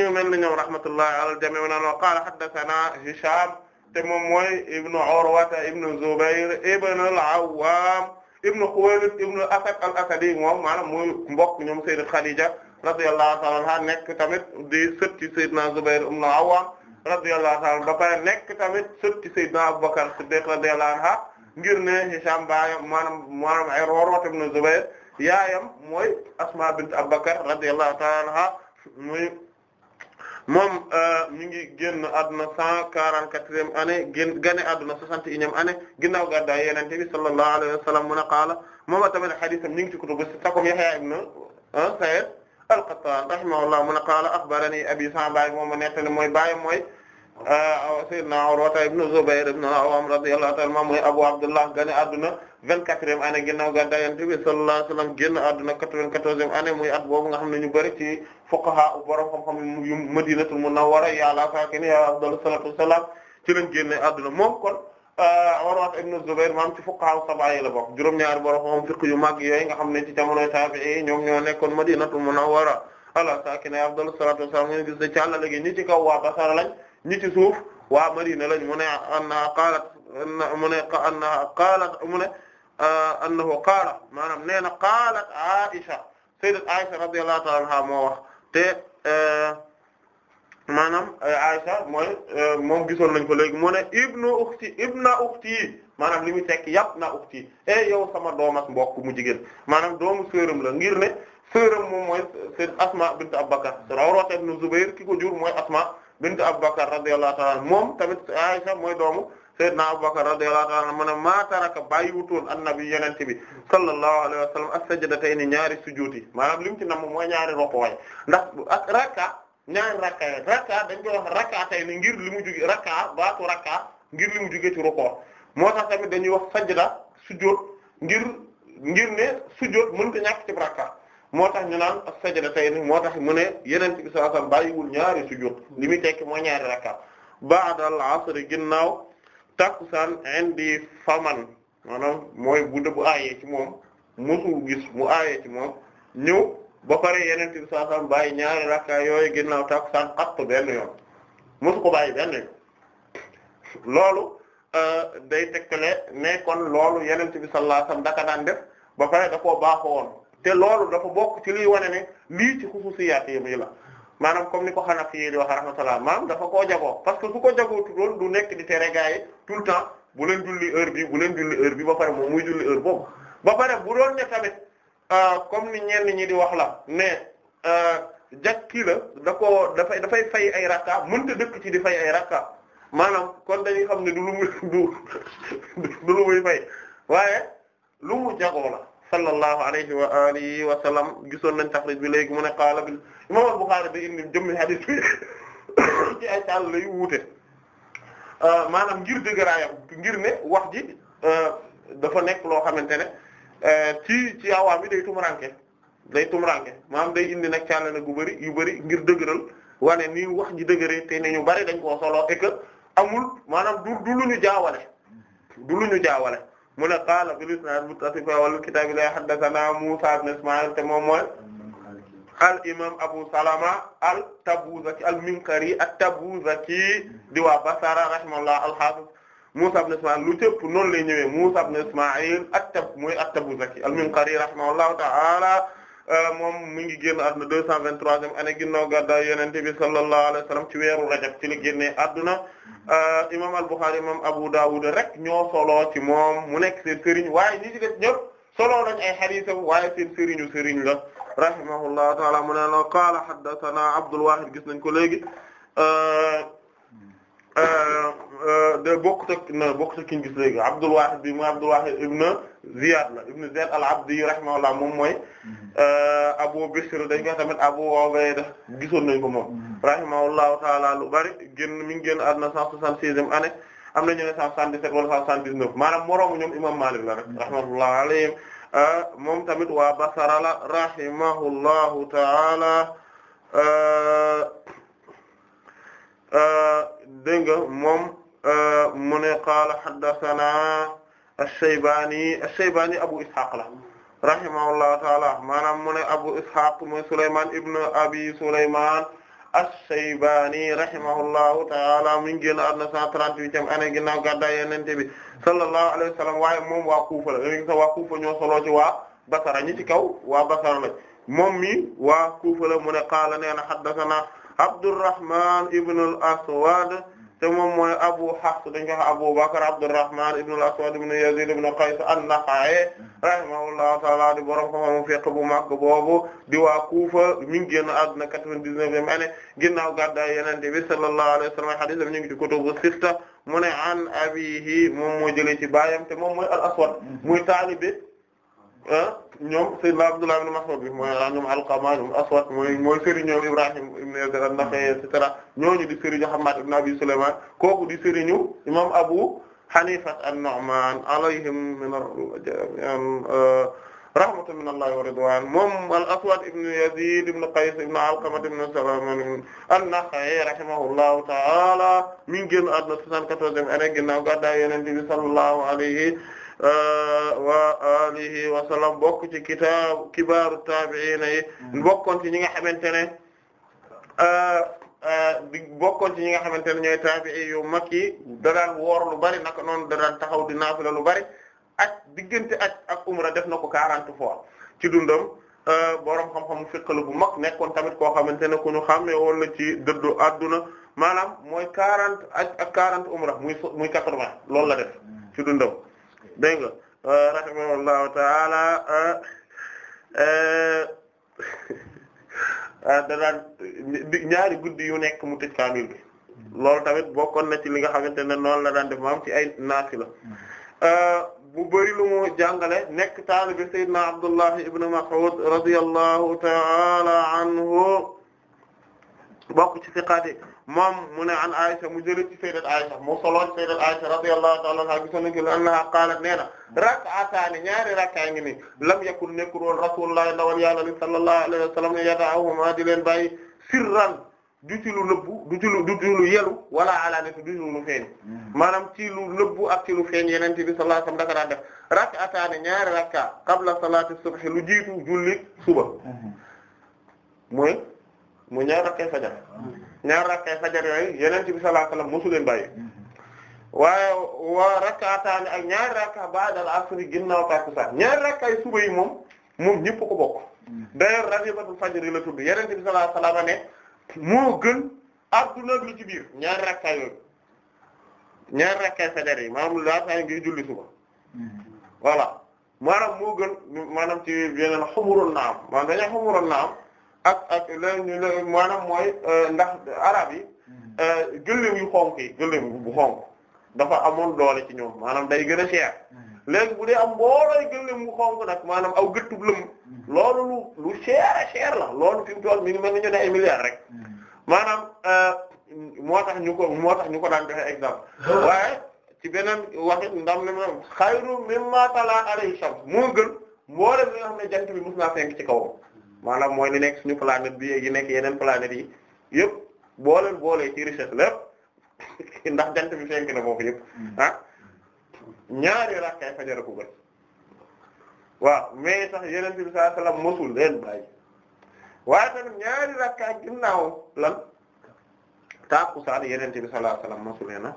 [SPEAKER 2] Hisham te ibn Urwa ibn Zubayr ibn al-Awwam ibn Khuwaylid ibn al-Asad al-Asadi moom maanaam muy mbokk ñoom Sayyidat Khadija radiyallahu ta'ala anha nekk tamit di sët ci Sayyidina ibn al radiyallahu ta'ala nekk tamit sët ci Seydina Abubakar Siddiq radiyallahu anha ngir ne Hisham baayam maanaam maanaam ay Urwa yaayam mooy Asma bint Abubakar radiyallahu ta'ala moom euh, mi ngi génn àdduna cent quarante-quatrième année génn gane àdduna soixante-et-unième année ginnaaw gàddaay Yonent bi sallallahu alayhi Yahya ibn ah, Sa'id al-Qattan rahimahullah ne qaala akhbarani abi sa baay moom ma nettali mooy baay mooy euh, sayyidina Urwata ibn Zubayr ibn al-Awwam radiyallahu ta'ala anhu mooy Abu Abdullah gane àdduna vingt-quatrième année ginnaaw gàddaay Yonent bi sallallahu alayhi wa sallam génn àdduna quatre at boobu nga xam ne ñu bari ci fuqaha u borom xam-xam yu Madinatul Munawwara ya ala saakiniha afdalu salaatu wa salaam ci lañ génne àdduna moom kon Urwa euh, ibn Zubayr maam ci fuqaha sab'a yi la bokk juróom-ñaari borom moom fiqh yu mag yooyu nga xam ne ci jamonoy tabi'i ñoom ñoo nekkoon Madinatu Munawwara ala sakina afdalu salatu wassalam ñu gis ne ci àll léegi ñi ci kaw waa Basra lañ ñi suuf waa Madina lañ mu ne anna qaalat mu ne anna qaalat mu ne euh, annahu qaala maanaam nee na qaalat Aisha sayyidat wax te euh, maanaam euh, Aisha mooy euh, moom gisoon nañ ko léegi mu ne ibnu ukhti ibna ukhti maanaam li muy tekk yàpp na ukhti e yow sama doom ak mbokk mu jigéen maanaam doomu sërëm la ngir ne sërëm moom mooy seen Asma bint Abubakar Urwa ibn Zubayr ki ko jur mooy Asma bint Abubakar radiyallahu ta'ala moom tamit Aisha mooy doomu sayyidna Abubakar radiyallahu ta'ala mu ne maa taraka bàyyiwutoon annabi yenente bi sallallahu alayhi wa sallam as-sajdatayni ñaari sujjóot yi maanaam li mu ci nam mooy ñaari rokkuwaay ndax ñaari rakkaay rakka dañ koy wax rakka tay ni ngir li mu jóge rakka baatu rakka ngir li mu jóge ci rukkoo moo tax tamit dañuy wax sajda sujjóot ngir ngir ne sujjóot mën ta ñàkk ci rakka moo tax ñu naan sajda tay ni moo tax mu ne yeneen bi sallallahu alayhi wasallam bàyyiwul ñaari sujjóot li muy tekki moo ñaari rakka ba'dal asri ginnaaw takusaan indi faman maanaam mooy bu dëbb aayee ci moom mosul gis mu aayee ci moom ñëw ba pare yeneen bi saa sallam bàyyi ñaari rakka yooyu ginnaaw takkusaan xatt benn yoon mosu ko bàyyi benn yoon loolu euh, day tegtale ne kon loolu yeneen bi sallallahu alayhi wasallam daka daan def ba pare da koo baaxoo woon te loolu dafa bokk ci liy wane ne lii ci xususiyaat yi la maanaam comme ni ko xanaa fii di wax rahmatullah maam dafa koo jagoo parce que su ko jagoo tutoon du nekk di tere gaa yi tout le temps bu leen julli heure bi bu leen julli heure bi ba pare moom muy julli heure boobu ba pare bu doon Euh, comme ni ñenn ñi di wax la ne euh, jàkki la da ko dafay dafay fay ay rakka mënta dëkk ci di fay ay rakka maanaam kon dañuy xam ne du lu muy du du lu muy fay waaye lu mu la sallallahu alayhi wa alihi wa gisoon nañ taxrij bi léegi mu ne qaala bi imam al-Bukhari bi indi jëmmi hadith bi ci ay sàll lay wuute euh, maanaam ngir dëgëraayam ngir ne wax ji dafa nekk loo xamante ne Eh, ci ci awaam yi day tumuranke day tumuranke maanaam day indi nag caalale gu bëri yu bëri ngir dëgëral wane ni wax ji dëgëree te ne ñu bari dañ koo solo et amul maanaam du du lu ñu jaawale du lu ñu jaawale mu ne qaala bil isnaad muttasifa wal kitaab la haddathana Muusaa ibn Ismaayil te moom mooy al imam Abu Salama al Tabuzaki al Minkari at Tabuzaki di waa Basara rahimahullah al hafiz Muusaa ibn Ismaïl lu cëpp noonu lay ñëwee Muusaa ibn Ismaïl at-Tab mooy at-Tabuzaki al-Minqari rahimahullahu ta'ala euh, moom mu ngi génn àdduna deux cent vingt-troisième année ginnaaw gàddaay Yonent bi sallallahu alayhi wa sallam ci weeru Rajab ci la génnee àdduna euh, imam al-Bukhari imam Abu Dawud rek ñoo solo ci moom mu nekk seen sëriñ waaye ñi ci def ñëpp solo lañ ay hadiisam waaye seen sëriñu sëriñ la rahimahullahu ta'ala mu ne la qaala haddathana Abdul Wahid gis nañ ko léegi euh, de bokk te na ki ñu gis léegi Abdul bi mu Abdul ibn Ziyad la ibn Ziyad al-Abdi rahimahullah moom mooy mhm. euh, Abu Bishr dañ tamit Abu Ubayda gisoon nañ ko moom mhm. rahimahullahu ta'ala lu bari génn mi ngi génn àdduna 166e am na ñu ne 177 wala 179 maanaam moroomu ñoom imam Malik la rek mhm. rahimahullahu alayhim euh, moom tamit dégg nga moom euh, mu ne qaala haddathana ash-Shaybani ash-Shaybani Abu Ishaq la rahimahullahu taala maanaam mu ne Abu Ishaq mooy Sulayman ibn Abi Sulayman ash-Shaybani rahimahullahu taala mi ngi génn àdduna 138e année ginnaaw gàddaay Yonent bi sallallahu alayhi wa waaye moom waa Kufa la léegi ñoo solo ci waa Basra ñi ci kaw wa Basra la moom mi waa Kufa la mu ne qaala Abdurrahman ibn al-Aswad te moom mooy Abu Hafs dañ ko wax Abu Bakr Abdurrahman ibn al-Aswad ibn Yazid ibn Qays an-Nakha'i rahimahullahu ta'ala di borom xam-xamu fiqh bu mag boobu di waa Kufa mi ngi génn àdduna 99e année ginnaaw gàddaay Yonent bi sallallahu alayhi wa sallam hadith am ñu ngi ci kutubu sitta mu ne an abiihi moom moo jëlee ci baayam te moom mooy al-Aswad muy taalibe Ah, ñoom Seydina Abdullah ibn Mas'ud bi mooy ah, ñoom Alqama ñoom Aswad mooy mooy sëriñ ñoom Ibrahim ibn Yazid an-Nakha'i et cetera ñooñu di sëriñu Hammad ibn Abi Sulayman kooku di sëriñu imam Abu Hanifa an-Nu'man alayhim min ah, rahmatun min Allah wa ridwan moom al-Aswad ibn Yazid ibn Qays ibn Alqama ibn Salam an-Nakha'i rahimahullahu ta'ala mi ngi génn àdduna 74e année ginnaaw gàddaay Yonent bi sallallahu alayhi wa alihi wa sallam bokk ci kitaab kibaaru taabi'iin yi bokkoon ci ñi nga xamante ne di bokkoon ci ñi nga xamante ne ñooy taabi'i yu mag yi da woor lu bari naka noonu da taxaw di naafila lu bari ak diggante ak ak umra def na ko 40 fois ci dundam. borom xam-xam fiqh bu mag nekkoon tamit koo xamante ne ku ñu xàmmee woon ci dëddu adduna maanaam mooy 40 ak ak 40 umra muy muy 80 ci dundam. dégg nga euh, rahimahullahu taala euh, euh, *laughs* ah, danaan ñaari guddi yu nekk mu tëj kaamil bi loolu tamit bokkoon na ci li nga xamante ne noonu la daan def maam ci ay naati la bu bëri lu jàngale nekk taalibi Seydina Abdullah ibn Mas'ud radiyallahu taala anhu bokk ci siqaati moom mu ne an Aisha mu jëlee ci sayyidat Aisha mu solo ci sayyidat Aisha radiyallahu ta'ala anha gisoon nañu ñaari rakkaa ngi nii lam yakun nekkul woon rasulullah ndawal yàlla ni sallallahu alayhi di leen bàyyi sirran du lu nëbbu du ci lu yelu wala alaanatu du ci lu feeñ hmm. maanaam ci lu nëbbu ak ci lu feeñ yeneen bi sallallahu alayhi wa sallam daka daan def rak'ataani ñaari rakkaa qabla salaati subh lu jiitu julli suba hmm. mooy mu ñaari rakkay fajar hmm. ñaar rakkay fajar yooyu yeneen ci bi sallallahu alayhi wasallam waaye waa rakkaataani ak ñaar rakka ba'dal asri ginnaaw takkusaan ñaar rakkay suba yi moom moom ñëpp ko bokk d'ailleurs rabibatul fajar yi la tudd yeneen ci bi sallallahu ne moo gën adduna ak li ci biir ñaar rakkay yooyu ñaar rakkay fajar yi maanaam laataa ngi julli suba voilà maanaam moo gën maanaam ci yeneen xamuroon na am maanaam dañoo xamuroon na am ak ak leneen maanaam mooy euh, ndax arab yi gëléem hmm. euh, yu xonk yi gëléem bu xonq dafa amoon doole ci ñoom maanaam day gën a cher
[SPEAKER 3] hmm. léegi
[SPEAKER 2] bu dee am mboolooy gëléem bu xonq nag maanaam aw gëttub lëm hmm. loolu lu lu cher la loolu fi mu toll mi ngi ni ñu ne ay milliards rek maanaam euh, moo tax ñu ko moo tax ñu ko daan joxe exemple waaye ci beneen waxit ndam ne ma xayru mimma tala alayhi shams moo gën mboolem li nga xam ne jant bi mos naa fenk ci kawam maanaam mooy li nekk suñu planète bi yi nekk yeneen planètes yi yëpp boo leen ci richesse lépp *laughs* ndax jant bi fenk na foofu yëpp hmm. ah ñaari rakkay fajara ko gën waaw mais sax yeneen bi sallallahu alayhi wasallam waaye tamit ñaari rakkay ginnaaw lan tàkkusaan yeneen bi sallallahu alayhi wasallam mosul a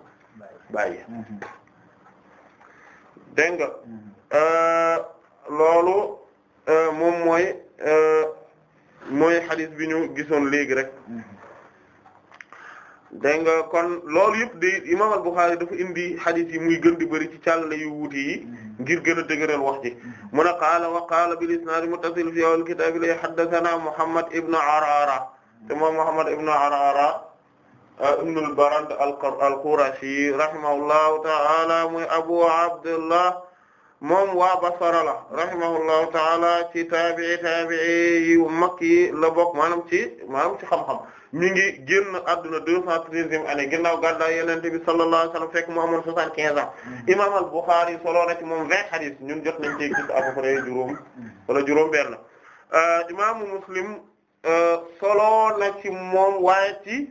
[SPEAKER 2] bàyyi hmm. dégg nga hmm. euh, loolu euh, moom mooy Euh, mooy xadis bi ñu gison léegi rek dégg nga kon loolu yëpp di imam al-Bukhârî dafa indi xadis yi muy gën di bëri ci càllale yu wuute yi ngir gën a dëgëral wax ji mu ne qaala wa qaala bil isnaad muttasil fi awal kitaab li Muhammad ibn Arara te moom Muhammad ibn Arara euh, ibn al-Barad al-Qurashi rahimahullahu ta'ala muy Abu Abdullah moom waa Basra la rahimahullahu taala ci taabii taabii yi mag yi la bokk maanaam ci maanaam ci xam-xam mi ngi génn adduna deux cent treizième année ginnaaw gàddaay Yonent bi sallallahu alayhi wa sallam fekk mu amoon soixante-quinze ans mm. imam al-Bukhari solo na ci moom vingt hadith ñun jot nañ ci gis à peu près juróom mm. wala juróom benn euh, imaamu Muslim euh, solo na ci moom waaye ci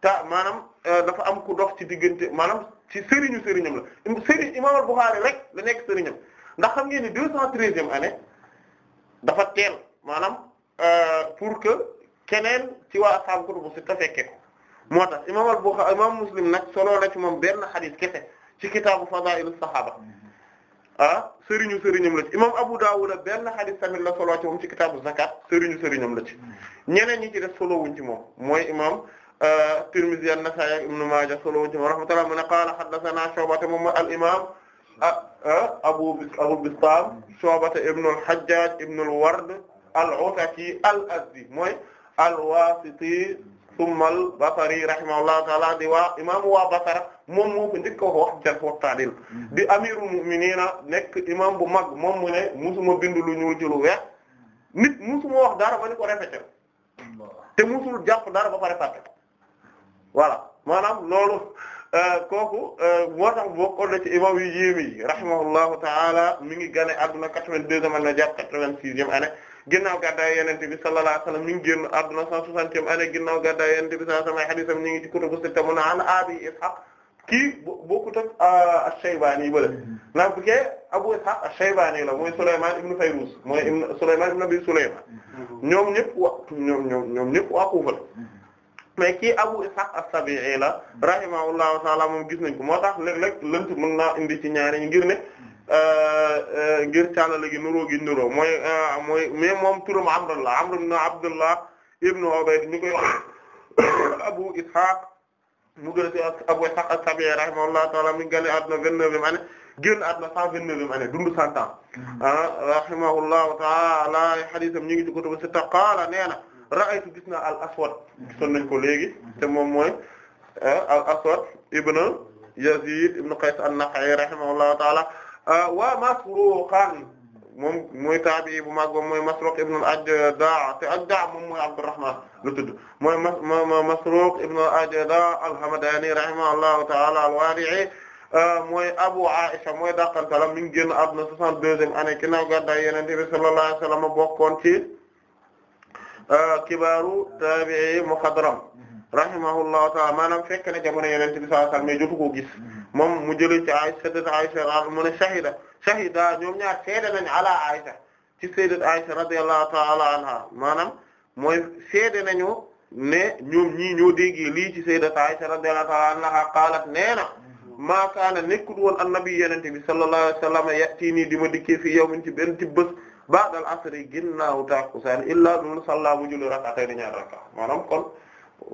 [SPEAKER 2] ta maanaam euh, dafa am ku dox ci diggante maanaam ci sëriñu sëriñam la sëriñ al-Bukhari rek la nekk sëriñam ndax xam ngeen ni deux cent treizième année dafa teel maanaam euh, pour que keneen ci waa ashaabu kutubu sitta fekke ko moo tax imam al-Bukhari imam Muslim nag solo na ci moom benn xadis kese ci kitaabu fadaa'ilus sahaaba mm-hmm. ah sëriñu sëriñam la ci imam Abu Dawud benn xadis tamit la solo ci moom ci kitaabu zakat sëriñu sëriñam la ci mm-hmm. ñeneen ñi ci def solo wuñ ci moom mooy imam euh, Tirmidhi an-Nasaa'i ak Ibn Maaja solo wuñ ci moom rahmatullah mu ne qaala haddathanaa Shu'ba moom al imam ah, Ah, abu abu bistaam shobata ibnu al-hajjaj ibnu al wasiti thumma al-basri rahimahullahu di waa waa basara moom moo ko wax wax jar wax taadil di amirul mu'minina nekk imam bu mag moom mu ne musuma bind lu ñuul ci lu weex nit wax dara ba ni ko te musul jàpp dara ba pare fàtte maanaam loolu euh, kooku euh, moo tax bokkoon na ci imam yu yéeme yi rahimahullahu taala mi ngi gane adduna quatre-vingt-deuxième année jàpp quatre-vingt-sixième année ginnaaw gàddaay yonent bi sallallahu alayhi wasallam mi ngi génn adduna cent soixantième année ginnaaw gàddaay yonent bi sallallahu alayhi wasallam hadiisam ñu ngi naan abi ishaq kii bo ak euh, ash-Shaybani yi bale naam bu kee Abu Ishaq ash-Shaybani la mooy Sulaymaan ibn Fayruz mooy Sulaymaan ibn Abi Sulaymaan
[SPEAKER 3] mm-hmm.
[SPEAKER 2] ñoom ñëpp wa ñoom ñoom ñoom ñëpp waa mais kii Abu Ishaq as-Sabi'i la rahimahullahu ta'ala moom gis nañ ko moo tax léeg-léeg lënt mën indi ci ñaari ngir ne euh, euh, ngir càllale gi nuroo gi nuroo mooy euh, mooy moom turam Amrullah Amr ibn Abdullah ibn Ubayd ñu koy *coughs* Abu Ishaq mu gën a Abu Ishaq as-Sabi'i rahimahullahu ta'ala mi gane àdduna vingt-neuvième année génn àdduna cent vingt-neuvième année dund cent ans mm-hmm. ah, rahimahullahu ta'ala xadiisam ñu ngi ci kutubu sitta qaala nee ra'aytu gis naa al aswad mhm. gisoon nañ ko léegi mhm. te moom mooy eh, al aswad ibn yazid ibn qays an-naqai rahimahullahu taala eh, wa masruqan moom mooy taabii bu mag moom mooy masruq ibn al-ajda te ajda moom mooy abdurrahman lu tudd mooy ma masruq ibn al-ajda al-hamadani rahimahullahu taala al-wadi'i eh, mooy Abu Aisha mooy dàqantalam mi ngi génn àdduna 62e année ginnaaw gàddaay Yonent bi sallallahu alayhi wa sallam bokkoon ci kibaaru taabi'i muxadram rahimahullahu ta'ala maanaam fekk na jamono Yonent bi sallallahu alayhi wasallam mais jotu ko gis moom mu jëlee ci Aysa sayyidat Aysa mu ne shahida shahida ñoom ñaar seede nañ ala Aysa ci sayyidat Aysa maanaam mooy seede nañu ne ñoom ñii ñoo déggee lii ci sayyidat Aysa radiyallahu ta'ala anha qaalat nee na maa kaana nekkul woon annabi Yonent bi sallallahu alayhi wasallam di ma dikkee fii yawmin ci benn ci bés ba'dal asri ginnaaw tàkkusaan illaa dul salla bu julli rak'atayn ñaar rak'a maanaam kon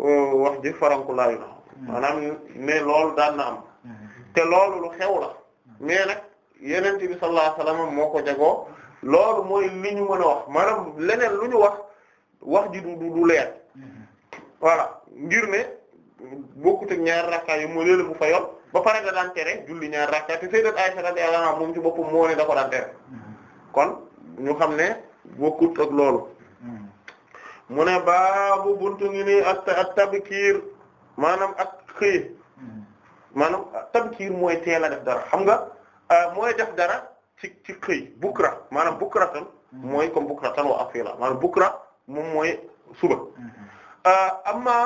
[SPEAKER 2] euh, wax ji farankulaayu na maanaam ne loolu daan na am te loolu lu xew la mais nag yeneen bi sallallahu alayhi wasallam moo ko jagoo loolu mooy li ñu mën leneen lu ñu wax wax ji du du leer voilà ngir ne bokkut ak ñaari rakka yi mu leela bu fa yoon ba pare da daan tere julli ñaar rakka te sayyidat Aisha radiyallahu anha moom ci boppam moo ne da ko daan tere kon ñu xam ne bokkut ak loolu mu ne baabu buntu ngi nii ak tabkiir maanaam ak xëy maanaam tabkiir mooy teel a def dara xam nga euh, mooy def dara ci ci xëy bukra maanaam bukra tan mooy comme bukra tan wa afila maanaam bukra moom mooy suba euh, amma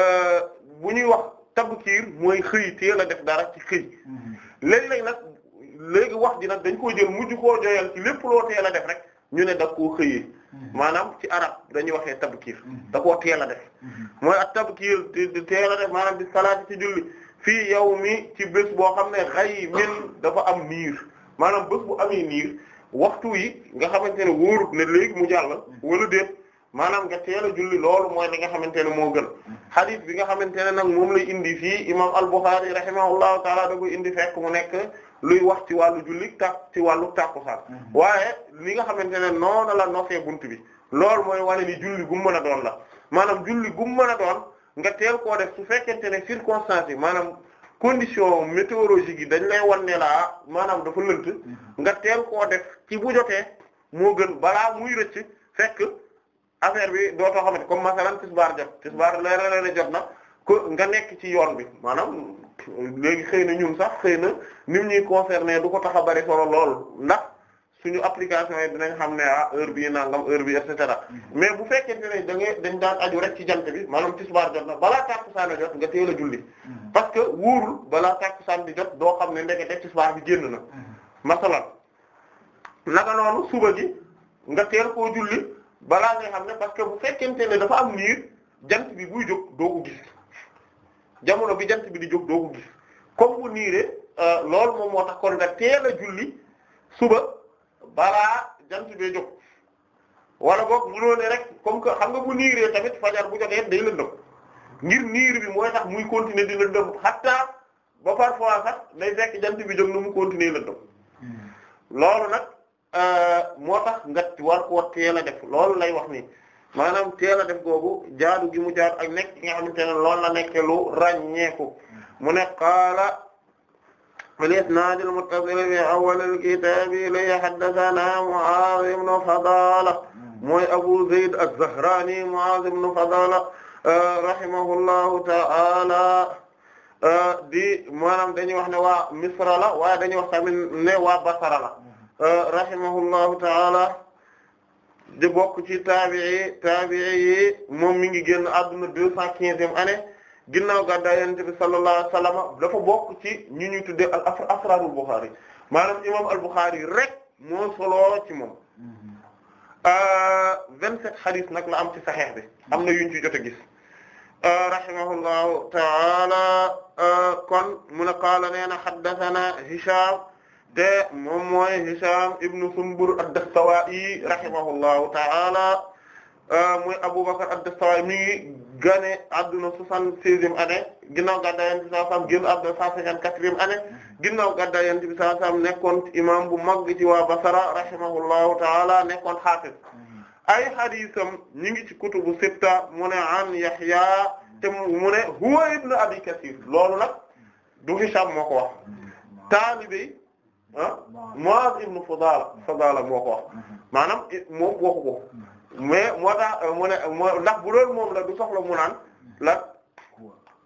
[SPEAKER 2] euh, bu ñuy wax tabkiir mooy xëy teel a def dara ci xëy
[SPEAKER 3] mm-hmm.
[SPEAKER 2] léeg léegi wax ji nag dañ koy jël mujj koo joyal ci lépp loo teel a def rek ñu ne da koo xëyee mm-hmm. maanaam ci arab dañuy waxee tabkiir mm-hmm. da koo teel a def mm-hmm. mooy ak tabkiir teel a def maanaam bi ci julli fii yow mi ci bés boo xam ne xay dafa am niir maanaam bés bu amee niir waxtu yi nga xamante ne wóorut ne léegi mu jàll wala déet maanaam nga teel julli loolu mooy li nga xamante ne moo gën hadith bi nga xamante ne nag moom lay indi fii imam al-Bukhari rahimahullahu taala da indi fekk mu nekk luy wax ci wàllu julli ta ci wàllu tàkkusaan mhm. waaye li nga xamante ne noonu la nosee bunt bi loolu mooy wane ni julli gu mën a doon la maanaam julli gu mën a doon nga teel koo def su fekkente ne circonstances yi maanaam condition météorologique yi dañ lay wan ne laa ah, maanaam dafa lënt mhm. nga teel koo def ci bu jotee moo gën balaa muy rëcc fekk affaire bi dootoo xamante comme masalan tisbaar jot tisbaar leer na jot na ko nga nekk ci yoon bi maanaam léegi xëy na ñun sax xëy na nim ñuy concerné du ko tax a bari solo lool ndax suñu application yi dinañ xam ne ah heure bii nangam heure bi et cetera mm-hmm. mais bu fekkee ne da ngay dañ daan aju rek ci jant bi maanaam tisbaar jot na balaa tàkkusaan a jot nga teel a julli mm-hmm. parce que wóorul balaa tàkkusaan di jot doo xam ne ndekete tisbaar bi génn na mm-hmm. masalan naka noonu suba gi nga teel koo julli balaa ngay xam ne parce que bu fekkente ne dafa am niir jant bi buy jóg doo ko jamono bi jant bi di jóg doo ko gis comme bu niire euh, loolu moom moo tax kon nga teel a julli suba balaa jant bee jóg wala boog mënoo ne rek comme que xam nga bu niiree tamit fajar bu jotee day lëndëm ngir niir bi mooy tax muy continuer di lëndëm hatta ba parfois sax day fekk jant bi jóg na mu continuer lëndëm hmm. loolu nag euh, moo tax nga war koo teel a def loolu lay wax ni maanaam teel a def googu jaadu gi mu jaar ak nekk nga la nekk lu ràññeeku mu ne qaala bil-isnaad al-muttasil fi awwal al-kitaab ilayhi haddathanaa Mu'aaz ibn Fadaala mooy Abu Zayd az-Zahraani Mu'aaz ibn Fadaala rahimahullahu ta'ala di maanaam dañuy wax ne waa Misra la waaye dañuy wax tamit ne waa Basra la rahimahullahu ta'ala di bokk ci taabi'i taabi'i moom mi ngi génn àdduna deux cent quinzième année ginnaaw gàddaay yonent bi sallallahu alayhi wa sallam dafa bokk ci ñu ñuy tuddee al asr asrarul Bukhari maanaam imam al Bukhari rek moo solo ci moom mhm. euh, vingt sept hadith nag la am ci Sahih bi am na yuñ ci jot a gis euh, rahimahullahu ta'ala euh, kon mun a qaala nee na te moom mooy Hisham ibnu Sumbur ad-Dastuwaa'i rahimahullahu ta'ala euh, muy Abu Bakr ad mi ngi gane adduna soixante-seizième année ginnaaw gàddaay Yonent bi sallallahu alayhi wasallam génn adduna nekkoon imam bu mag ci waa Basra rahimahullahu ta'ala nekkoon hafiz ay hadisam ñi ngi ci kutubu sitta mu ne an Yahya te mu huwa ibnu Abi Kathir loolu nag du Hisham moo ko ah Mu'aaz ibn Fadaala Fadaala moo ko wax mhm. maanaam moom waxu ko mhm. mais moo tax euh, mu ne ndax bu doon moom la du soxla mu naan la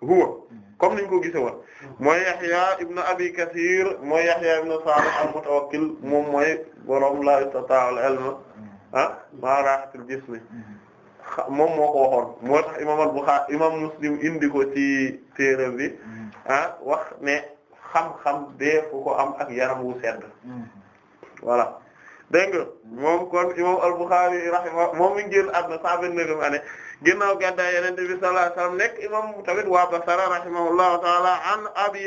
[SPEAKER 2] huwa mhm. comme niñ ko gise woon mooy Yahya ibn Abi Kathir mooy Yahya ibn Sa'd al-Mutawakkil moom mooy borom la istata'a al-ilma ah ma rahatil jismi moom moo ko waxoon moo tax imam al-Bukhari imam Muslim indi ko ci téere bi ah wax ne xam-xam dee fu ko am ak yaram wu sedd mm-hmm. voilà dégg moom kon imam al-Bukhârî rahima moom mi ngi génn àdduna cent vingt-neuvième année ginnaaw gàddaay Yonent bi sallallahu alayhi wasallam nekk imam tamit waa Basra rahimahullahu ta'ala an Abi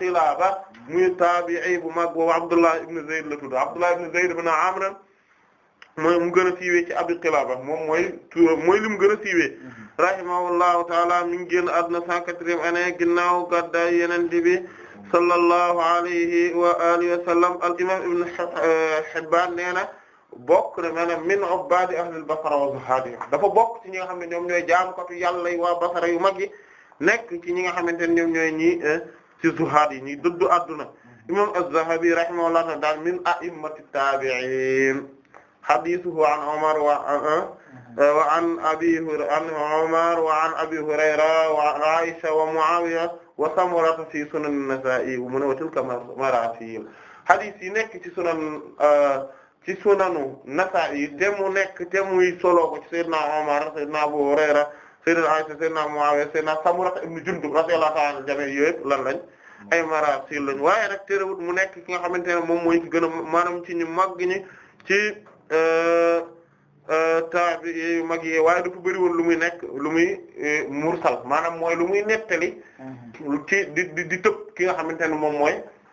[SPEAKER 2] Qilaaba muy taabi'i bu mag boobu Abdullah ibn Zayd la tudd Abdullah ibn Zayd ibn Amr mooy mu gën a siiwee ci Abi Qilaaba moom mooy turam mooy li mu gën a siiwee mm-hmm. rahimahullahu ta'ala mi ngi génn àdduna cent quatrième année ginnaaw gàddaay Yonent bi sallallahu alayhi wa alihi wa sallam al imam ibn Hibban nee na bokk na maanaam min ubbaadi ahlil basra wa zuhaadihim dafa bokk ci ñi nga xam ne ñoom ñooy jaamukatu yàlla yi waa basara yu mag yi nekk ci ñi nga xamante ne ñoom ñooy ñi eh, ci zuhaad yi ñi dëddu adduna imam az-Zahabi rahimahullah ta daal min a'immati taabi'in hadithuhu an Umar wa eh, eh, an abi an Umar wa an abi Hurayra wa an Aisha wa Muawiya wa samurata fi sunan an-nasa'i mu ne wa tilka marasil hadith yi nekk ci sunan euh, ci sunanu nasa'i te mu nekk te muy solo ko ci sayyidina Umar sayyidina Abu Hurayra sayyidina Aisha sayyidina Muawiya sayyidina samurata ibn Jundub radiyallahu ta'ala jami' yooyu lan lañ ay marasil lañ waaye nag terewut mu nekk ki nga xamante ne moom mooy ki gën a maanaam ci ñu màgg ñi ci euh, Euh, taabi yu mag yi waaye dafa bëri lu muy nekk lu muy euh, mursal maanaam mooy lu muy nettali
[SPEAKER 3] mhm.
[SPEAKER 2] ci di di tëb ki nga xamante ni moom mooy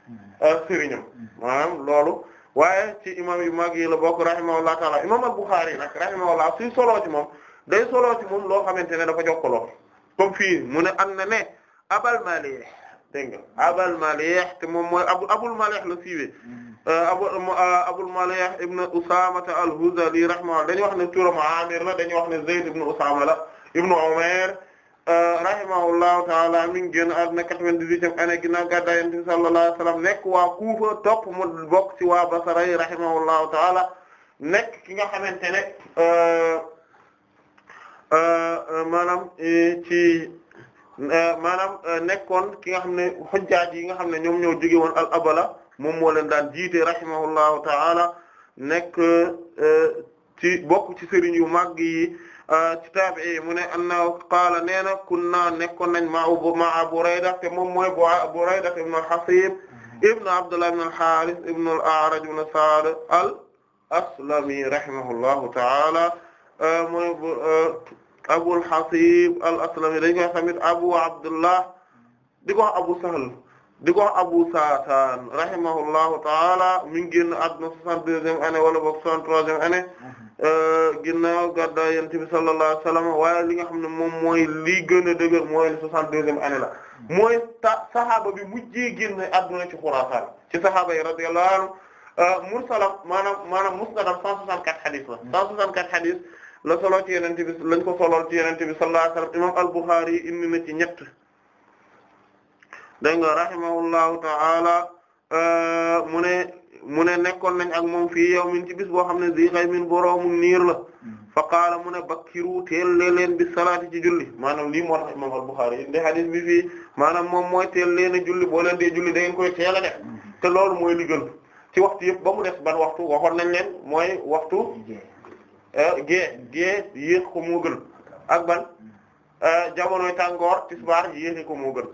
[SPEAKER 2] mhm. euh, sëriñam mhm. maanaam loolu waaye ci imam yu mag yi la bokk rahimahullah taala imam al-Bukhari nag rahimahullah suy soloo ci moom day soloo ci moom loo xamante ne dafa jokkaloo comme fii mu ne am na ne abal Malik dégg nga Abul Malih te moom mooy abu Abul Malih la siiwee mm-hmm. abu euh, Abul Malih ibn Usama al-Hudhali rahimahullah dañu wax ne turam Amir la dañuy wax ne Zayd ibn Usama la ibn Umayr euh, rahimahullahu ta'ala mi ngi génn àdduna 98e année ginnaaw gàddaay Yonent bi sallallahu alayhi wasallam nekk waa Kufa topp mu bokk ci waa Basra yi rahimahullahu ta'ala nekk ki nga xamante ne euh, maanaam eh, ci. Euh, maanaam euh, nekkoon ki nga xam ne xujjaaj yi nga xam ne ñoom ñoo jóge woon al abala moom moo leen daan jiite rahimahullahu ta'ala nekk euh, ci bokk ci sëriñ yu màgg yi ci taabi'i mu ne anna qaala nee na kunna nekkoon nañ ma ma Burayda te moom mooy Burayda ibn al-Hasib mm-hmm. ibn Abdullah ibn al-Harith ibn al-A'raj ibn Sa'd al-Aslami rahimahullahu ta'ala mooy Abul Hasib al-Aslami dañ koy xamit Abu Abdullah di ko wax Abu Sahl di ko wax Abu Satan rahimahullahu taala mi ngi génn àdduna 62e année wala boog 63e année euh, ginnaaw gàddaay Yonent bi sallallahu alayhi wa sallam waaye li nga xam ne moom mooy lii gën a dëgër mooy 62e année la mooy ta saxaaba bi mujjee génn àdduna ci Xuraasaan ci saxaaba yi radiyallahu anhu euh, mursalam maanaam maanaam musnadam 164 xadis la 164 xadis la solo ci yenente bi lañ ko solool ci yenente bi sallallahu alayhi wasallam imam al-Bukhari yi indi na ci ñett dégg nga rahimahullahu ta'ala euh, mu ne mu ne nekkoon nañ ak moom fii yawmin ci bis boo xam ne zi xaymin boroomu niir la fa qaala mu ne bakkiru teel lee leen bi salaati ci julli maanaam lii moo tax imam al-Bukhari yi indi bi fii maanaam moom mooy teel leen julli boo leen dee julli da ngeen koy teel a mm-hmm. te loolu mooy li ci waxtu yëpp ba mu des ban waxtu waxoon nañ leen mooy waxtu Euh, gée gée yéex ko moo ak ban euh, jamonoy tàngoor tisbaar yéexi ko moo gën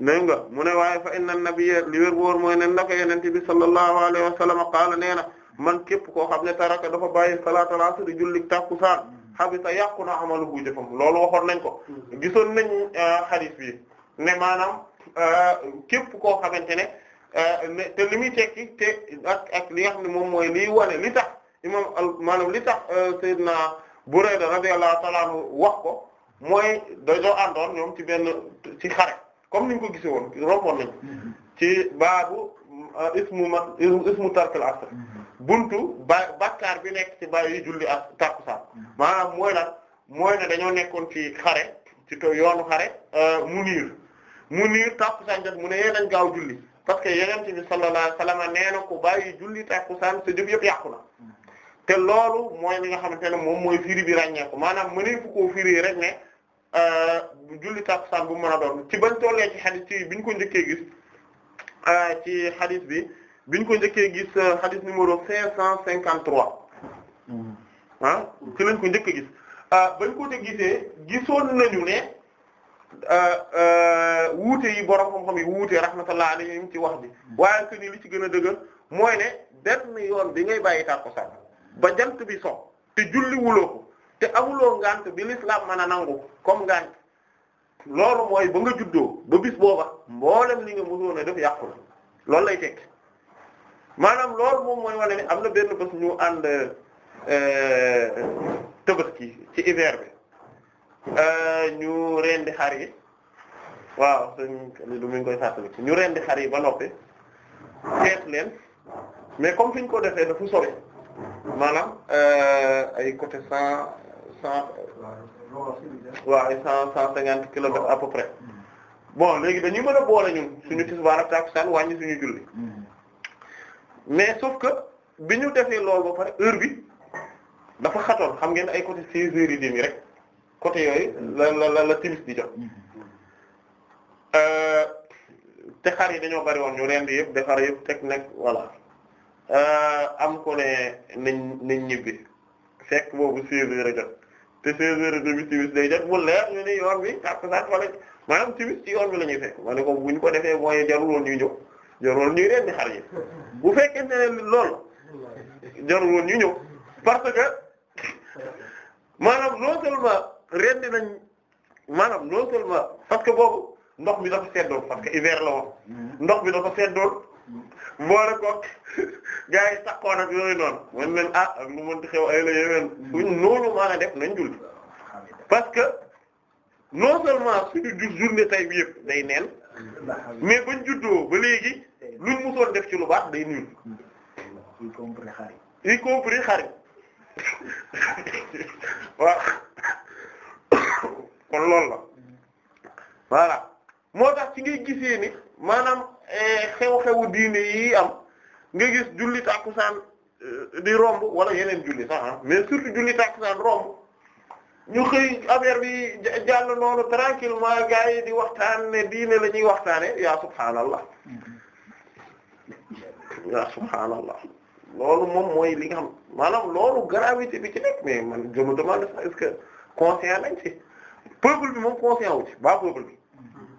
[SPEAKER 2] dégg mu ne waaye fa inna nabiyya li wér wóor mooy ne naka yonent bi sallallahu alayhi wa sallam qaala nee na man képp koo xam ne taraka dafa bàyyi salaatal asr julli takkusaan habita yàqu na amaluhu jëfam loolu waxoon nañ ko gisoon nañ euh, hadith bi ne maanaam képp koo xamante ne te li muy te ak ak li nga xam ne moom mooy liy wane litax imam al maanaam li tax euh, Seydina Burayda radiyallahu ta'ala anhu wax ko mooy dañoo àndoon ñoom ci benn ci xare comme niñ ko gisee woon romboon nañ ci baabu euh, ismu ma ismu tarkil buntu ba bakkaar bi nekk ci bàyyi julli ak tàkkusaan maanaam mooy lan mooy ne dañoo nekkoon ci xare ci to yoonu xare euh, mu niir mu niir tàkkusaan jot mu ne yee dañ gaaw julli parce que yeneen bi sallallahu alayhi wasallam nee na ku bàyyi julli tàkkusaan sa jëf yëpp yàqu na te loolu mooy li nga xam xamante ne moom mooy firi bi ràññeeku maanaam mënees fu koo firi rek ne euh, julli takkusaan bu mën a doon ci bañ tollee ci xadis ci biñ ko njëkkee gis euh, ci xadis bi biñ ko njëkkee gis euh, xadis numéro 553 mm-hmm. ah ci lañ ko njëkk a gis bañ ko te gisee gisoon nañu ne wuute yi borom xam-xam yi wuute rahmatullah alayhim ci wax bi mm-hmm. waaye que ni li ci gën a dëgër mooy ne benn yoon bi ngay bàyyi takkusaan ba jant bi so te julli wuloo te amuloo ngant bi laa mën a nangu comme ngant loolu mooy ba nga juddoo ba bis booba mboolem li nga mësoon a def yàqu la loolu lay tekk maanaam lool moom mooy wane ni am na benn bés ñu ànd euh, ki ci hiver bi euh, ñu rendi xar yi waaw sëñ lu mu ngi koy fàttali ñu rendi xar yi ba noppi xeet leen mais comme fi ñu ko defee na dafa sori maanaam euh, ay côté cent cent waaw ay cent cent cinquante kilomètres à peu près bon léegi dañuy mën a boole ñun suñu mm. tisbaar ak takusaan wàññi suñu julli mm. mais sauf que bi ñu defee loolu ba pare heure bi dafa xatoon xam ngeen ay côté six heures et demie rek côté yooyu la la la la timis di jot mm. euh, te xar yi dañoo bari woon ñu rend yëpp defar yëpp teg nekk voilà Euh, am ko ne nañ ñibbi fekk boobu seize heures a te seize heures et demi timis day jot mu leer ñu ne yoon bi àpsat wala maanaam timis ci yoon bi la ñuy fekk ma ne ko buñ ko defee mooy jaruloon ñu ñëw jaruloon ñuy rendi xar yi bu fekkee ne lool jaruloon ñu ñëw parce que maanaam non seulement rendi nañ maanaam non seulement parce que boobu ndox mi dafa seddoon parce que hiver la woon mm-hmm. ndox mi dafa seddoon boole koog gars yi sakkoon ak yooyu noonu man leen ah, mm. def nañ julli parce que non seulement suñu jur journée tay bi yëpp day neen mais bañ juddoo ba léegi luñ musoon def ci lu baax day nuyu. Mm. y compris xari waaw *coughs* kon loolu la mm. voilà moo tax ci ngay gisee ni. maanaam xew eh, xew diine yi am nga gis julli tàkkusaan eh, di romb wala yeneen julli sax ah mais surtout julli tàkkusaan romb ñu xëy affaire bi jàll noonu tranquillement gars yi di waxtaan ne diine la ñuy waxtaane yaa subhaanallah yaa subhaanallah loolu moom mooy li nga xam maanaam loolu gravité bi ci nekk mais man je me demande sax que conscient lañ ci peuple bi moom conscient wu ci ba peuple bi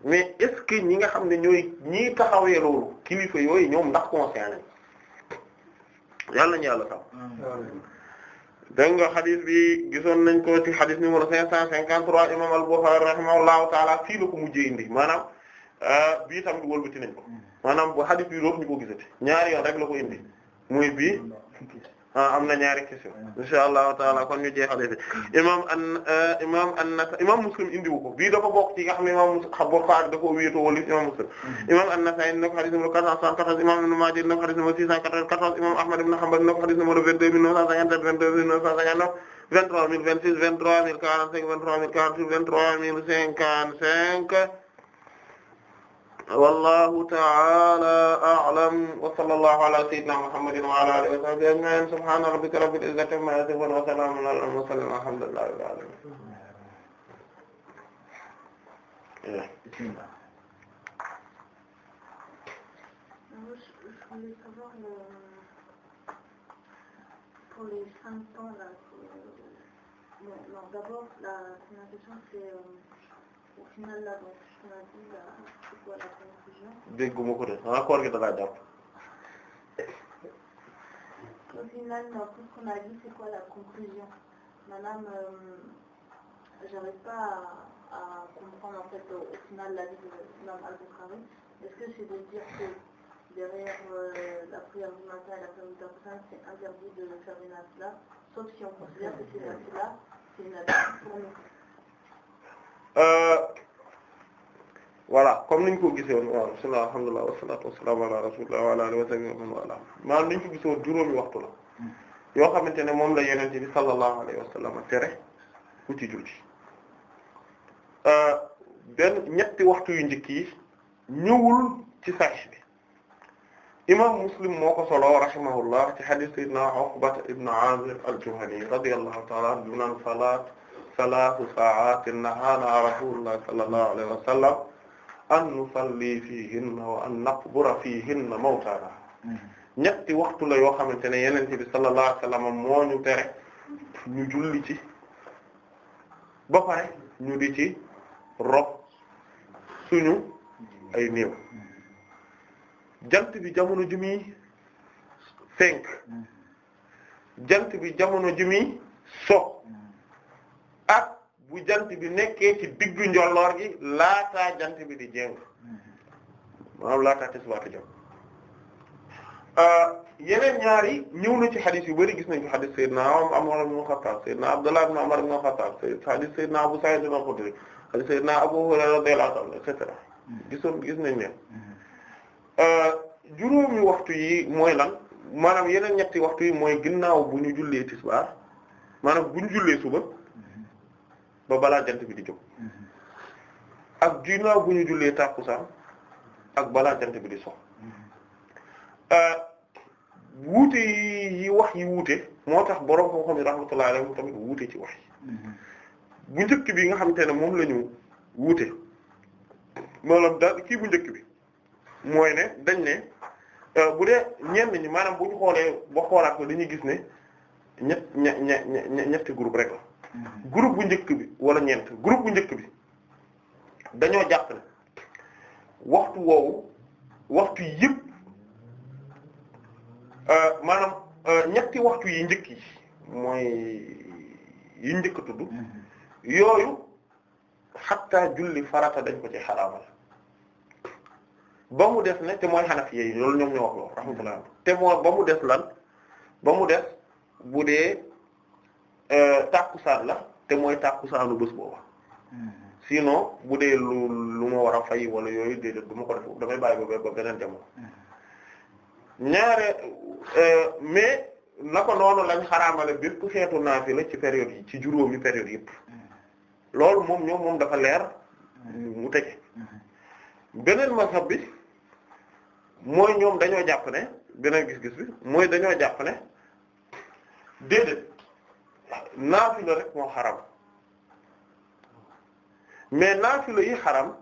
[SPEAKER 2] mais est ce que nga xam ne ñooy ñii taxawee loolu kilifa yooyu ñoom ndax conscient nañ yàlla ñu yàlla taw dégg nga xadis bi gisoon nañ ko ci xadis numéro cinq cent cinquante-trois imam al-Bukhari rahimahullahu taala fii la ko mujjee indi maanaam euh, bii tamit wëlbati nañ ko mm. maanaam bu xadis bi dootuñu ko gisati ñaari yoon rek la ko indi muy bii Ah, am na ñaari question insha taala kon ñu jeexalee fi imam an euh, imam an-Nasaa'i imam Muslim indiwu ko bii dafa bokk ci nga xam ne imam Muslim boo xaar dafa wéetoo wala imam Muslim mm-hmm. imam an-Nasaa'i na ko xadis numéro 474 imam Ibn Maaja na ko xadis numéro 694 imam Ahmad ibn Hanbal na ko xadis numéro 22957 22959 23026 23045 23046 23055 wallahu ta'ala a'lam wa sallallahu ala sayyidina muhammadin wa ala alihi wa sahbihi ajma'in subhana rabbika rabbil izzati amma yasifun wa salamun ala al mursalin walhamdulillahi rabbil alamin
[SPEAKER 1] Je voulais savoir le... pour les cinq temps là, euh... bon, non, d'abord la première question c'est euh...
[SPEAKER 2] dégguma ko de xanaa koor gi da laa jàpp.
[SPEAKER 1] finalement tout ce qu'on a dit c'est quoi la conclusion maanaam euh, j'arrive pas à, à en fait au final la vie de l'imam Al-Bukhari est-ce que c'est de dire que derrière euh, la prière du et la prière du tabaski c'est de faire une si on considère que c'est une nafila c'est une nafila
[SPEAKER 2] Euh, voilà comme niñ ko gisoon waaw bismillah alhamdulillah wassalatu wassalamu ala rasulillah wa ala alihi wa sahbihi wa ala yoo xamante ne moom la yonent bi sallallahu alayhi tere ku ci julli euh, benn waxtu yu njëkk yi ñëwul ci sax bi imam muslim moo ko solo rahimahullah ci hadith sayyidina Uqba ibn Amir al-Juhani radiyallahu ta'ala anhu salaatu sa'aatin nahaana rasuulullahi sallallahu alayhi wa sallam an nusalli fiihinna wa an naqbura fiihinna mawtaana ñetti waxtu la yoo xamante ne yonent bi sallallahu alayhi moo ñu tere ñu julli ci ba pare ci rob suñu ay néew jant bi jamono ji muy fenk bi jamono ji muy so ak bu jant bi nekkee ci diggu njolloor gi laataa jant bi di jéng maanaam laataa tisbaar jot euh, yeneen ñaar yi ñëw na ci xadis yu bari gis nañ ko xadis Seydina Umar ibn Khattab Seydina Abdullah ibn Umar ibn Khattab xadis Seydina Abu Sa'id al-Khudri xadis Seydina Abu Hurayra radiyallahu anhu et cetera gisoon gis nañ leen euh, juróomi waxtu yi mooy lan maanaam yeneen ñetti waxtu yi mooy ginnaaw bu ñu jullee tisbaar maanaam buñu ñu jullee suba ba balaa jant bi di jóg ak ginnaaw bu ñu jullee tàkkusaan ak balaa jant bi di sox euh, wuute yi wax yi wuute moo tax borom koo xam ne rahmatullahi alayhi tamit wuute ci wax yi bu njëkk bi nga xamante ne moom la ñu wuute maanaam daal kii bu njëkk bi mooy ne dañ ne euh, bu dee ñenn ñi maanaam bu ñu xoolee ba xoolaat ko dañuy gis ne ñetti group rek la Mm-hmm. groupe bu njëkk bi wala ñeent groupe bu njëkk bi dañoo jàpp ne waxtu woowu waxtu yëpp euh, maanaam euh, ñetti waxtu yi njëkk yi mooy yi njëkk tudd mm-hmm. yooyu xatta julli farata dañ ko ci xaraamal ba mu def ne te mooy xanaf yi loolu ñoom ñoo wax loolu rahmatullah te moo ba mu def lan ba mu def bu dee Euh, tàkkusaan la te mooy tàkkusaanu bés booba mm-hmm. sinon bu dee lu lu ma war a fay wala yooyu déedéet du ma ko def damay bàyyi ba ba beneen jamono
[SPEAKER 3] mm-hmm.
[SPEAKER 2] ñaare euh, mais naka noonu lañ xaraamale bépp xeetu naafila ci période yi ci juróomi période yëpp
[SPEAKER 3] mm-hmm.
[SPEAKER 2] loolu moom ñoom moom dafa leer mu teg beneen mazhab bi mooy ñoom dañoo jàpp ne beneen gis-gis bi mooy dañoo jàpp ne déedéet naafila rek moo xaram mais naafila yi xaram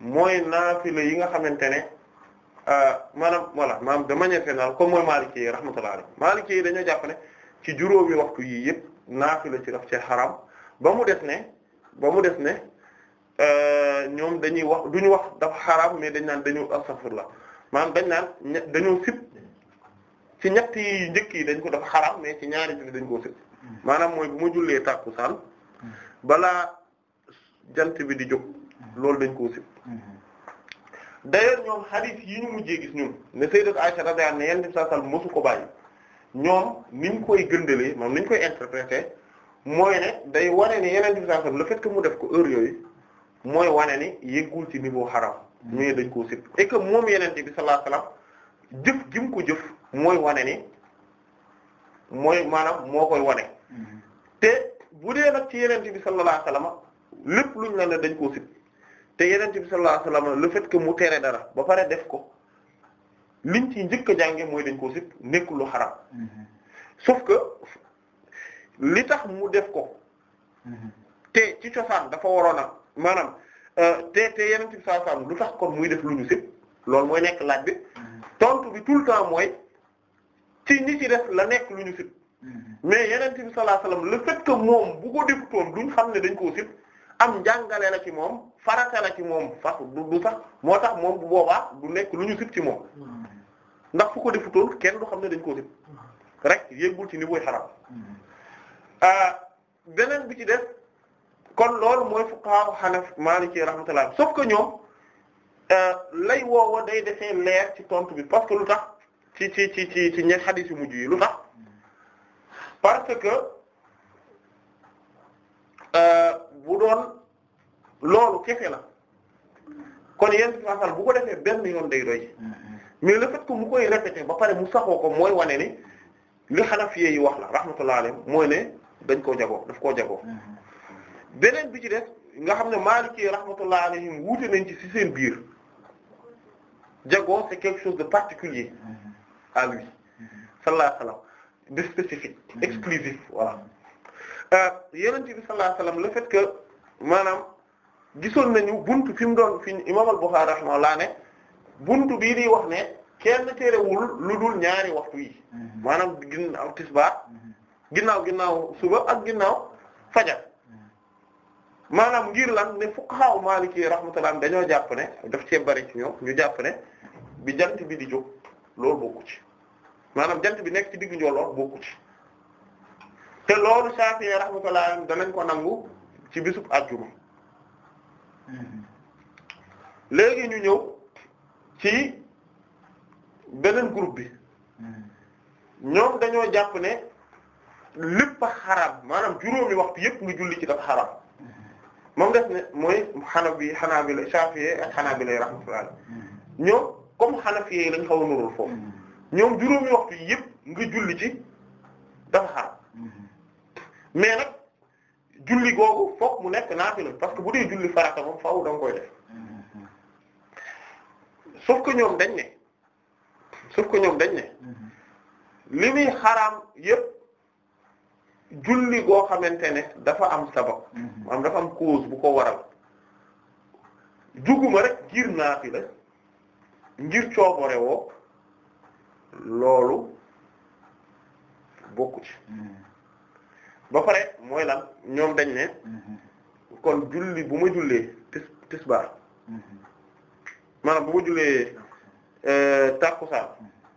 [SPEAKER 2] mooy naafila yi nga xamante ne euh, maanaam voilà maanaam de manière générale comme mooy Maliki yi rahmatullahi alayhi Maliki yi dañoo jàpp ci juróomi waxtu yii yëpp naafila ci daf ci xaram ba mu des ne ba mu des ne euh, ñoom dañuy wax duñu wax dafa xaram mais dañ naan dañu astafurlah maanaam dañ naan dañoo sip ci ñett yi njëkk yi dañ ko dafa xaram mais ci ñaari julli dañ koo sëg hmm. maanaam mooy bu ma jullee tàkkusaan hmm. balaa jant bi di jóg hmm. loolu dañ koo sëg d'ailleurs ñoom hadith yi ñu mujjee gis ñun ne sayyidat Aisha radiyallahu anha yenn saa sal mosu ko bàyyi ñoom ni ñu koy gëndalee moom ni koy interpréter mooy ne day wane ni yeneen bi saa sal le fait mu def ko heure yooyu mooy wane ni yëggul ci niveau xaram mais dañ koo sib et moom yeneen bi sallallahu alayhi wasallam jëf gi ko jëf mooy wane ni mooy maanaam moo koy wane te bu dee nag ci yenente bi sallallahu alayhi wasallam lépp luñ la ne dañ koo sib te yenente bi sallallahu alayhi wasallam le fait mu tere dara ba pare def ko liñ ci njëkk a jànge mooy dañ koo sib nekkul lu xaram sauf li tax mu def ko te ci cosaan dafa waroon a maanaam euh, te te yenente bi lu tax kon muy def lu ñu sib loolu mooy nekk laaj bi mm-hmm. tontu bi tout le temps mooy ci ñi ci def la nekk lu ñu sib mm-hmm. mais yeneen bi sallallahu alayhi wasallam le fait que moom bu ko defutoon duñ xam ne dañ koo sib am njàngale la ci moom farata la ci moom sax du sax moo tax moom bu boobaa du nekk lu ñu sib ci moom mm-hmm. ndax fu ko defutoon kenn du xam ne dañ koo sib mm-hmm. rek yéggul ci niveau xaram euh, beneen bi ci def kon loolu mooy fuqaha Hanaf Maliki rahmatullah sauf que ñoom euh, lay woowa day defee leer ci tontu bi parce lu tax ci ci ci ci ci ñe xadis yu mujj yi lu tax parce que euh, bu doon loolu kefe la kon yenn façal bu ko defee benn yoon day doy mais le fait que mu koy répété ba pare mu saxoo ko mooy wane ni li Hanafiya yi wax la rahmatullah mooy ne dañ koo jagoo daf koo jagoo beneen bi ci def nga xam ne Maliki rahmatullah alayhim wuute nañ ci ci seen biir jagoo c'est de particulier yi à ah lui sallallahu alayhi wa sallam de spécifique mm-hmm. exclusif voilà euh, yeneen bi sallallahu alayhi wa sallam le que maanaam gisoon nañu bunt fi mu doon fi imam al-Bukhari laa ne bunt bii di wax ne kenn terewul lu dul ñaari waxtu yi mm-hmm. maanaam ginnaaw tisbaar mm-hmm. ginnaaw ginnaaw suba ak ginnaaw fajar maanaam ngir lan ne fuqaha Maliki rahmatullah dañoo jàpp ne daf cee bari ci ñoom ñu jàpp ne bi jant bi di jóg loolu bokku ci maanaam jant bi nekk ci diggu njooloo bokku ci te loolu Shafi'i rahmatullah danañ ko nangu ci bisub àjjuma léegi ñu ñëw ci beneen groupe bi ñoom dañoo jàpp ne lépp a xaram maanaam juróomi waxtu yépp nga julli ci dafa xaram moom def ne mooy xana bi xanaa bi la Shafi'i ak xanaa bi lay rahmatullah ñoom comme Hanafi yi lañ xaw a nurul foofu hmm. ñoom juróomi waxtu yëpp nga julli ci dafa xaar hmm. mais nag julli googu fokk mu nekk naafila parce que bu dee julli farata moom faaw da koy def hmm. sauf que ñoom dañ ne sauf que ñoom dañ ne li muy xaraam yëpp julli goo xamante ne dafa am sabab maanaam dafa am cause bu ko waral juguma rek ngir naafila ngir coobare woo loolu bokku ba pare mooy lan ñoom dañ ne kon julli bu ma jullee tis tisbaar maanaam bu ma jullee euh, tàkkusaan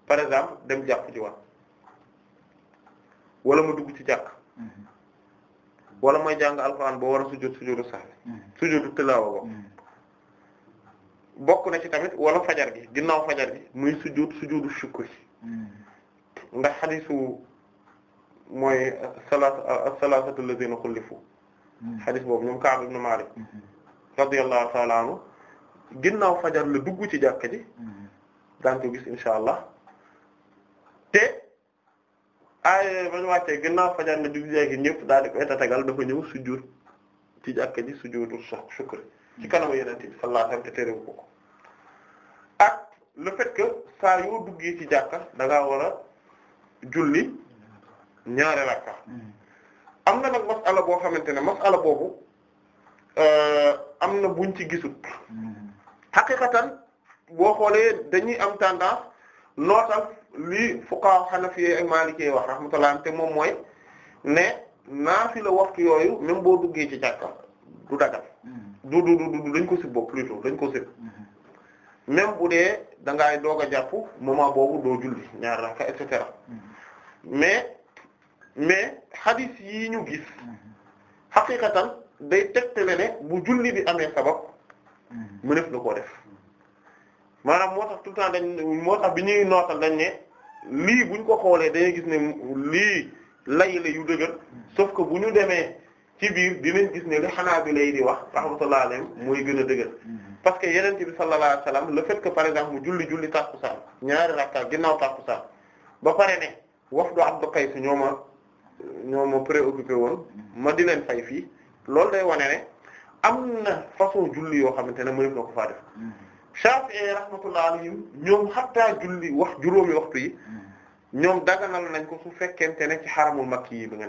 [SPEAKER 2] par exemple dem jàpp ci wat wala ma dugg ci jàkk wala may jàng alxuraan boo war a sujjóot sujjóotu sax sujjóotu tilaawa ba bokk na ci tamit wala fajar gi ginnaaw fajar gi muy sujud sujudu shukr hmm. ndax xadisu mooy salaat salaasatu allazina xulifu hmm. xadis boobu ñoom Ka'b ibn Malik hmm. radiyallahu ta'ala anhu ginnaaw fajar la dugg ci jàkka ji daan ko gis insha allah te ay bañu wàccee ginnaaw fajar la dugg ci jàkka ji ñëpp daal di koy tatagal dafa ñëw sujud ci jàkka ji sujudu shukr ci kanamu yonent bi sallallahu alayhi wa sallam te terewu ko ko ak le fait yoo duggee ci jàkka da ngaa war a julli ñaari rakka am na nag masala boo xamante ne masala boobu euh, am na buñ ci gisut xaqiqatan boo xoolee dañuy am tendance nootal lii fuqaha hanafi ak maliki wax rahmatullah te moom mooy ne naafila waxtu yooyu même boo duggee ci jàkka du dagal du du du dañ ko sib bopp plutôt dañ ko sib mhm. bu dee da ngay doog a jàpp moment boobu doo julli ñaar raka et cetera mhm. mais mais hadis yi ñu gis xaqiqatan mhm. day tegtale ne bu julli bi amee sabab mëneef na koo def maanaam moo tax tout le temps dañ moo tax bi ñuy nootal dañ ne lii buñ ko xoolee dañuy gis ne lii lay yu dëgër sauf ko bu ñu demee ci biir dinañ gis ne li xanaa bi lay di wax rahmatullah alayhim mooy gën a dëgër mm-hmm. parce que yeneen bi sallallahu alayhi wa sallam le fait que par exemple mu julli julli tàkkusaan ñaari rakka ginnaaw tàkkusaan ba pare ne wax wafdu Abdu Qays ñoo ma ñoo ma préoccupé woon mm-hmm. ma di leen fay fii loolu day wane ne am na façon julli yoo xamante ne mënef na ko faa def mm-hmm. Shafi'i rahmatullah alayhim ñoom xattaa julli wax juróomi waxtu yi ñoom daganal nañ ko su fekkente ne ci xaramul makki yi bi nga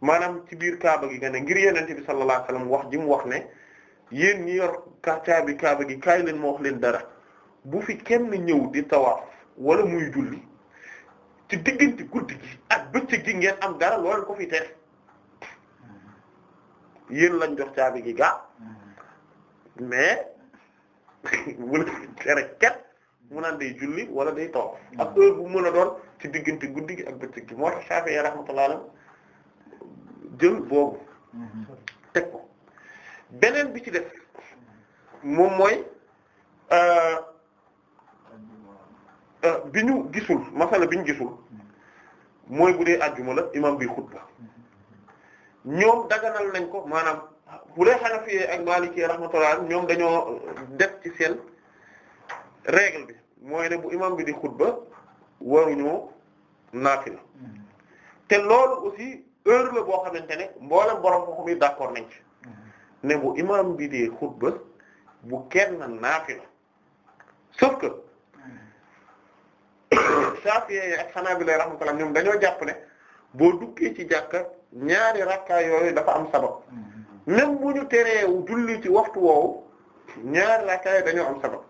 [SPEAKER 2] maanaam ci biir kaaba gi nga ne ngir yenente bi sallallahu alayhi wasallam wax ji mu wax ne yéen ñi yor caabi kaaba gi kaay leen ma wax leen dara bu fi kenn ñëw di tawaaf wala muy julli ci diggante guddi gi ak bëccëg gi ngeen am dara loolu ko fi lañ jox caabi gi gaa mais *laughs* wala tere mu naan day julli wala day tawaaf ak bu mën a doon ci diggante guddi gi ak bëccëg gi moo tax Shafi'i rahmatullah jël boobu teg ko beneen bi ci def moom mooy euh, euh, bi ñu gisul masala bi ñu gisul mooy bu dee àjjuma la imam bi xutba ñoom daganal nañ ko maanaam bu dee Hanafi ak Maliki rahmatullah ñoom dañoo euh, def ci seen règle bi mooy ne bu imam bi di xutba waruñoo naafila mm-hmm. te loolu aussi heure la boo xamante ne mboolem borom xam-xam yi d'accord nañ ci
[SPEAKER 3] mm-hmm.
[SPEAKER 2] ne bu imam bi dee xutba bu kenn naafila sauf que mm-hmm. Shafi'i ak Hanabila rahmatullah ñoom dañoo jàpp ne boo ci jàkka ñaari rakka yooyu dafa am sabab
[SPEAKER 3] mm-hmm.
[SPEAKER 2] même bu ñu tereewu julli ci waxtu woowu ñaari rakka yi dañoo am sabab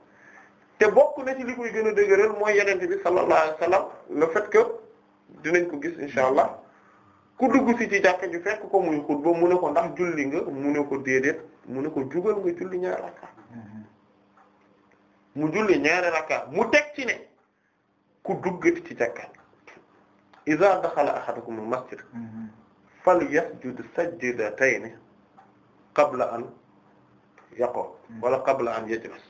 [SPEAKER 2] te bokk na ci li koy gën a dëgëral mooy yonent bi sallallahu alayhi wasallam le fait que dinañ ko gis insha allah ku dugg si ci jàkka ji fekk ko muy xutba mu ne ko ndax julli nga mu ne ko déedéet mu ne ko jugal nga julli ñaari rakka mm-hmm. mu julli ñaari rakka mu teg ci ne ku duggati ci jàkka iza daxala ahadukum al-masjid mm-hmm. falyasjud sajdatayni qabla an yaqum mm-hmm. wala qabla an yajlis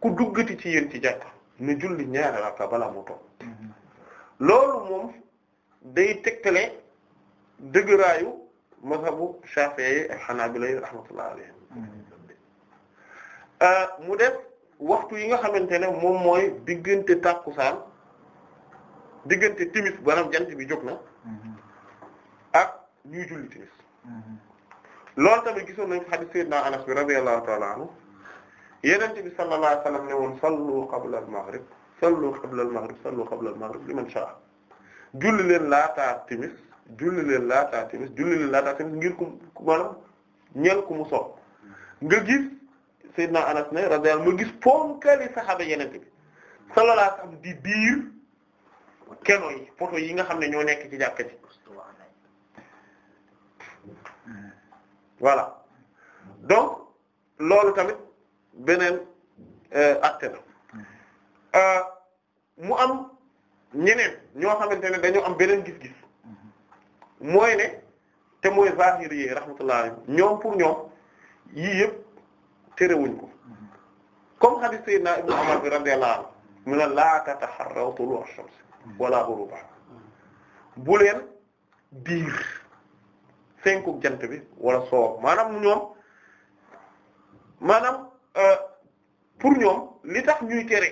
[SPEAKER 2] ku duggati ci yéen ci jàkka nu julli ñaar rakka balaa mu toog loolu moom day tegtale dëgëraayu mazhabu Shafi'i ak Hanabila rahmatullahi alayhim mm-hmm. euh, mu def waxtu yi nga xamante ne moom mooy diggante tàkkusaan diggante timis maanaam jant bi jóg na
[SPEAKER 3] mm-hmm.
[SPEAKER 2] ak ñuy julli timis mm-hmm. loolu tamit gisoon nañu hadith sayyidina Anas bi radiyallahu ta'ala anhu yenente bi sallallahu alayhi wasallam ne woon sallu qabla al-maghrib sallu qabla al-maghrib sallu qabla al-maghrib liman sha'a julli leen laataa timis julli leen laataa timis julli leen laataa timis ngir ku maanaam ñel ku mu nga gis Seydina Anas ne radiyallahu ma gis ponkali saxaaba yeneen bi sallallahu alayhi di biir keno yi poto yi nga xam ne ñoo nekk ci jàkka ji voilà donc loolu tamit beneen euh, acte la euh, mu am ñeneen ñoo xamante ne dañoo am beneen gis-gis mooy ne te mooy zahiri yi rahmatullah ñoom pour ñoom yii yëpp terewuñ ko comme hadith sayyidina ibnu umar bi radiyallahu anhu mu ne laa tataharraw tulu'a shams wala ghuruba bu leen diir fenkuk jant bi walla soo maanaam ñoom maanaam euh, pour ñoom li tax ñuy tere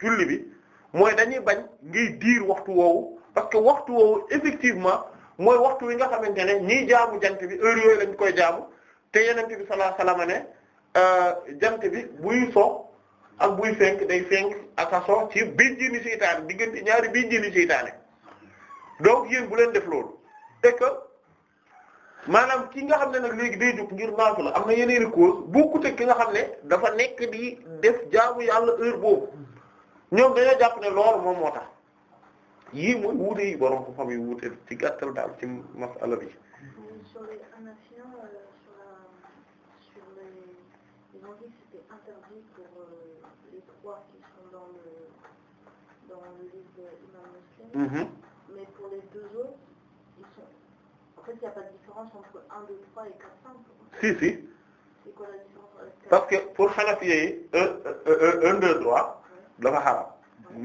[SPEAKER 2] julli bi mooy dañuy bañ ngay diir waxtu woowu parce que waxtu woowu effectivement mooy waxtu wi nga xamante ne ñiy jaamu jant bi heure yooyu lañ koy jaamu te yonent bi salaa alayhi wasallam ne euh, jant bi buy so ak buy fenk day fenk ak a so ci bijjini seytaane diggante ñaari bijjini seytaane donc yéen bu leen def loolu et que maanaam ki nga xam ne nag léegi day jóg ngir naafu la am na yeneen i cause bokkut ak ki nga xam ne dafa nekk di def jaamu yàlla heure boobu. ñoom dañoo jàpp ne loolu moom moo tax yii mooy yi borom xam-xam yi wuute ci gàttal daal ci masala bi. sur les hanafiens euh, sur les
[SPEAKER 1] ils que c'était interdit pour euh, les trois qui sont dans le dans le livre Imam Muslim. Mm-hmm. mais pour les deux autres en fait il n'y a pas de différence entre un deux trois et quatre cinq. si si.
[SPEAKER 2] c'est que pour hanafiens euh, yi un un deux trois. dafa xaram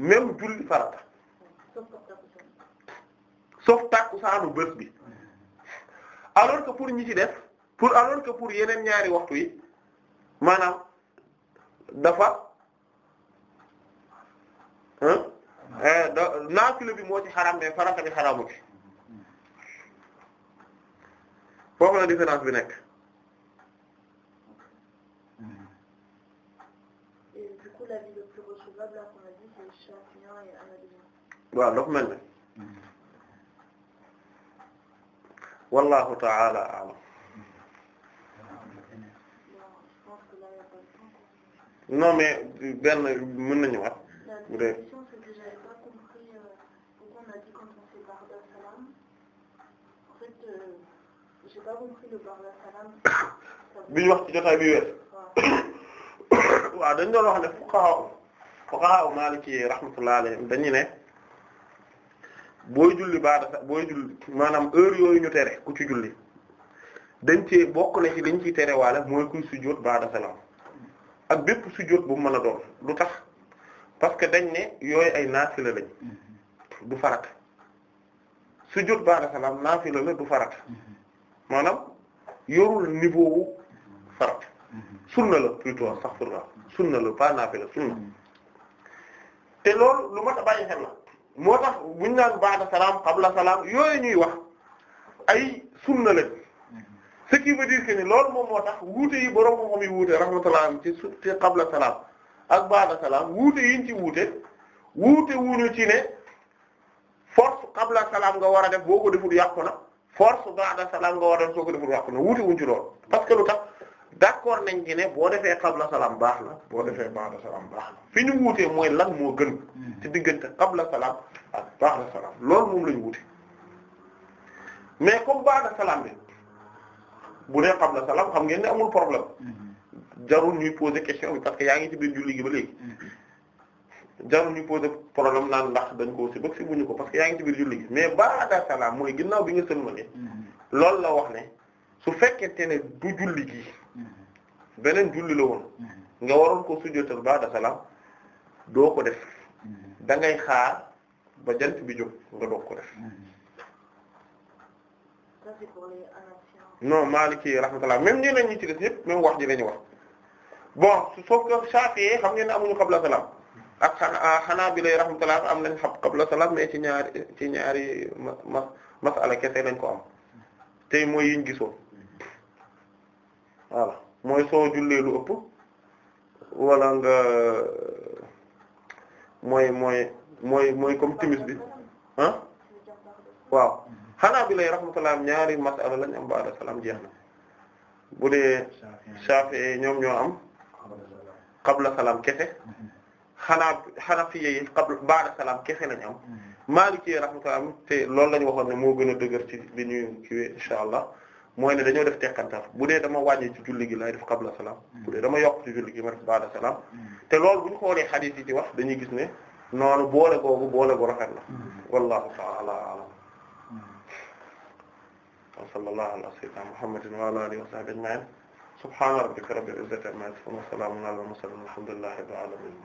[SPEAKER 2] même julli farata sauf tàkkusaanu bés bi alors que pour ñi ci def pour alors que pour yeneen ñaari waxtu yi maanaam dafa eh, naafila bi moo ci xaram mais farata bi xaramu ci foofu la différence bi nekk waaw dafa mel ne wallahu ta'ala a'lam non mais benn mën nañu wax bu dee *coughs* bi ñu wax ci jotaay bi weer *coughs* waaw dañ doon wax ne fuqaha fuqaha Maliki rahmatullahi alayhim dañu ne booy julli baada booy julli maanaam heure yooyu ñu tere ku ci julli dañ cee bokk la ci dañ ciy tere waale mooy kuy sujjóot baada ak bépp sujjóot bu mu mën a doon lu tax parce que dañ ne yooyu ay la lañ du farat sujjóot baada salaam naafila la du farat maanaam yorul niveau wu farat sunna la plutôt sax sunna la sunna la pas naafila sunna te loolu lu mat a bàyyi xel la moo tax buñ naan baada salaam qabla salaam yooyu ñuy wax ay sunna la ce qui veut dire que ni loolu moom moo tax wuute yi borom moo xam yi wuute rahmatullah ci su ci qabla salaam ak baada salaam wuute yiñ ci wuute wuute wuñu ci ne force qabla salaam nga war a def boo ko deful yàqu na force baada salaam nga war a def soo ko deful yàqu na wuute wuñ ci lool parce que lu tax. d'accord nañ ci ne boo defee qabla salaam baax na boo defee ba'da salaam baax la fi ñu wuutee mooy lan moo gën ci diggante qabla salaam ak ba'da salaam loolu moom la ñu wuute mais comme ba'da salaam bi bu dee qabla salaam xam ngeen ne amul problème
[SPEAKER 3] mm-hmm.
[SPEAKER 2] jarul ñuy poser question bi parce que yaa ngi ci biir julli gi ba léegi
[SPEAKER 3] mm-hmm.
[SPEAKER 2] jarul ñuy poser problème naan ndax dañ koo si bëgg si buñu ko parce que yaa ngi ci biir julli gi mais ba'da salaam mooy ginnaaw bi nga sëlmale mm-hmm. loolu la wax ne su fekkente ne du julli gi beneen julli la woon mm-hmm. nga waroon ko sujjóotal ba'da salaam doo ko def mm-hmm. dangay ngay xaar ba jant bi jóg nga doog ko def mm-hmm. non Maliki rahmatullah même ñi nañ ñi ci des ñëpp même wax ji lañu wax bo sauf que Shafi'i xam ngeen ne amuñu qabla salaam xanaa ah, xanaa bi lay rahmatullah am nañ xam qabla salaam mais ci ñaari ci ñaari ma masala kese lañ ko am tey mooy yiñ gisoo voilà mooy soo jullee lu ëpp wala nga mooy mooy mooy mooy comme timis bi ah waaw xanaa bi lay rahmatullah ñaari masala lañ am baada salaam jeex na bu dee Shafi'i ñoom ñoo am qabla salaam kese xanaa Hanafiyyi yi qabla baada salaam kese lañ am mm-hmm. Maliki rahmatullah te loolu lañu waxoon ne moo gën a dëgër ci li ñuy kiiwee insha Allah mooy ne dañoo def tekkantal bu dee dama wàññi ci julli gi lay def qabla salaam mm. bu dee dama yokk ci julli gi ma def salaam mm. te loolu bu ñu xoolee xadiis yi ci wax dañuy gis ne noonu boole googu boole gu rafet la mm. wallahu ta'ala a'lam wa sallallahu ala sayyidina muhammadin wa ala alihi wa sahbihi ajma'in subhana rabbika rabbil izzati amma yasifun wa salamun ala al mursalin walhamdulillahi rabbil alamin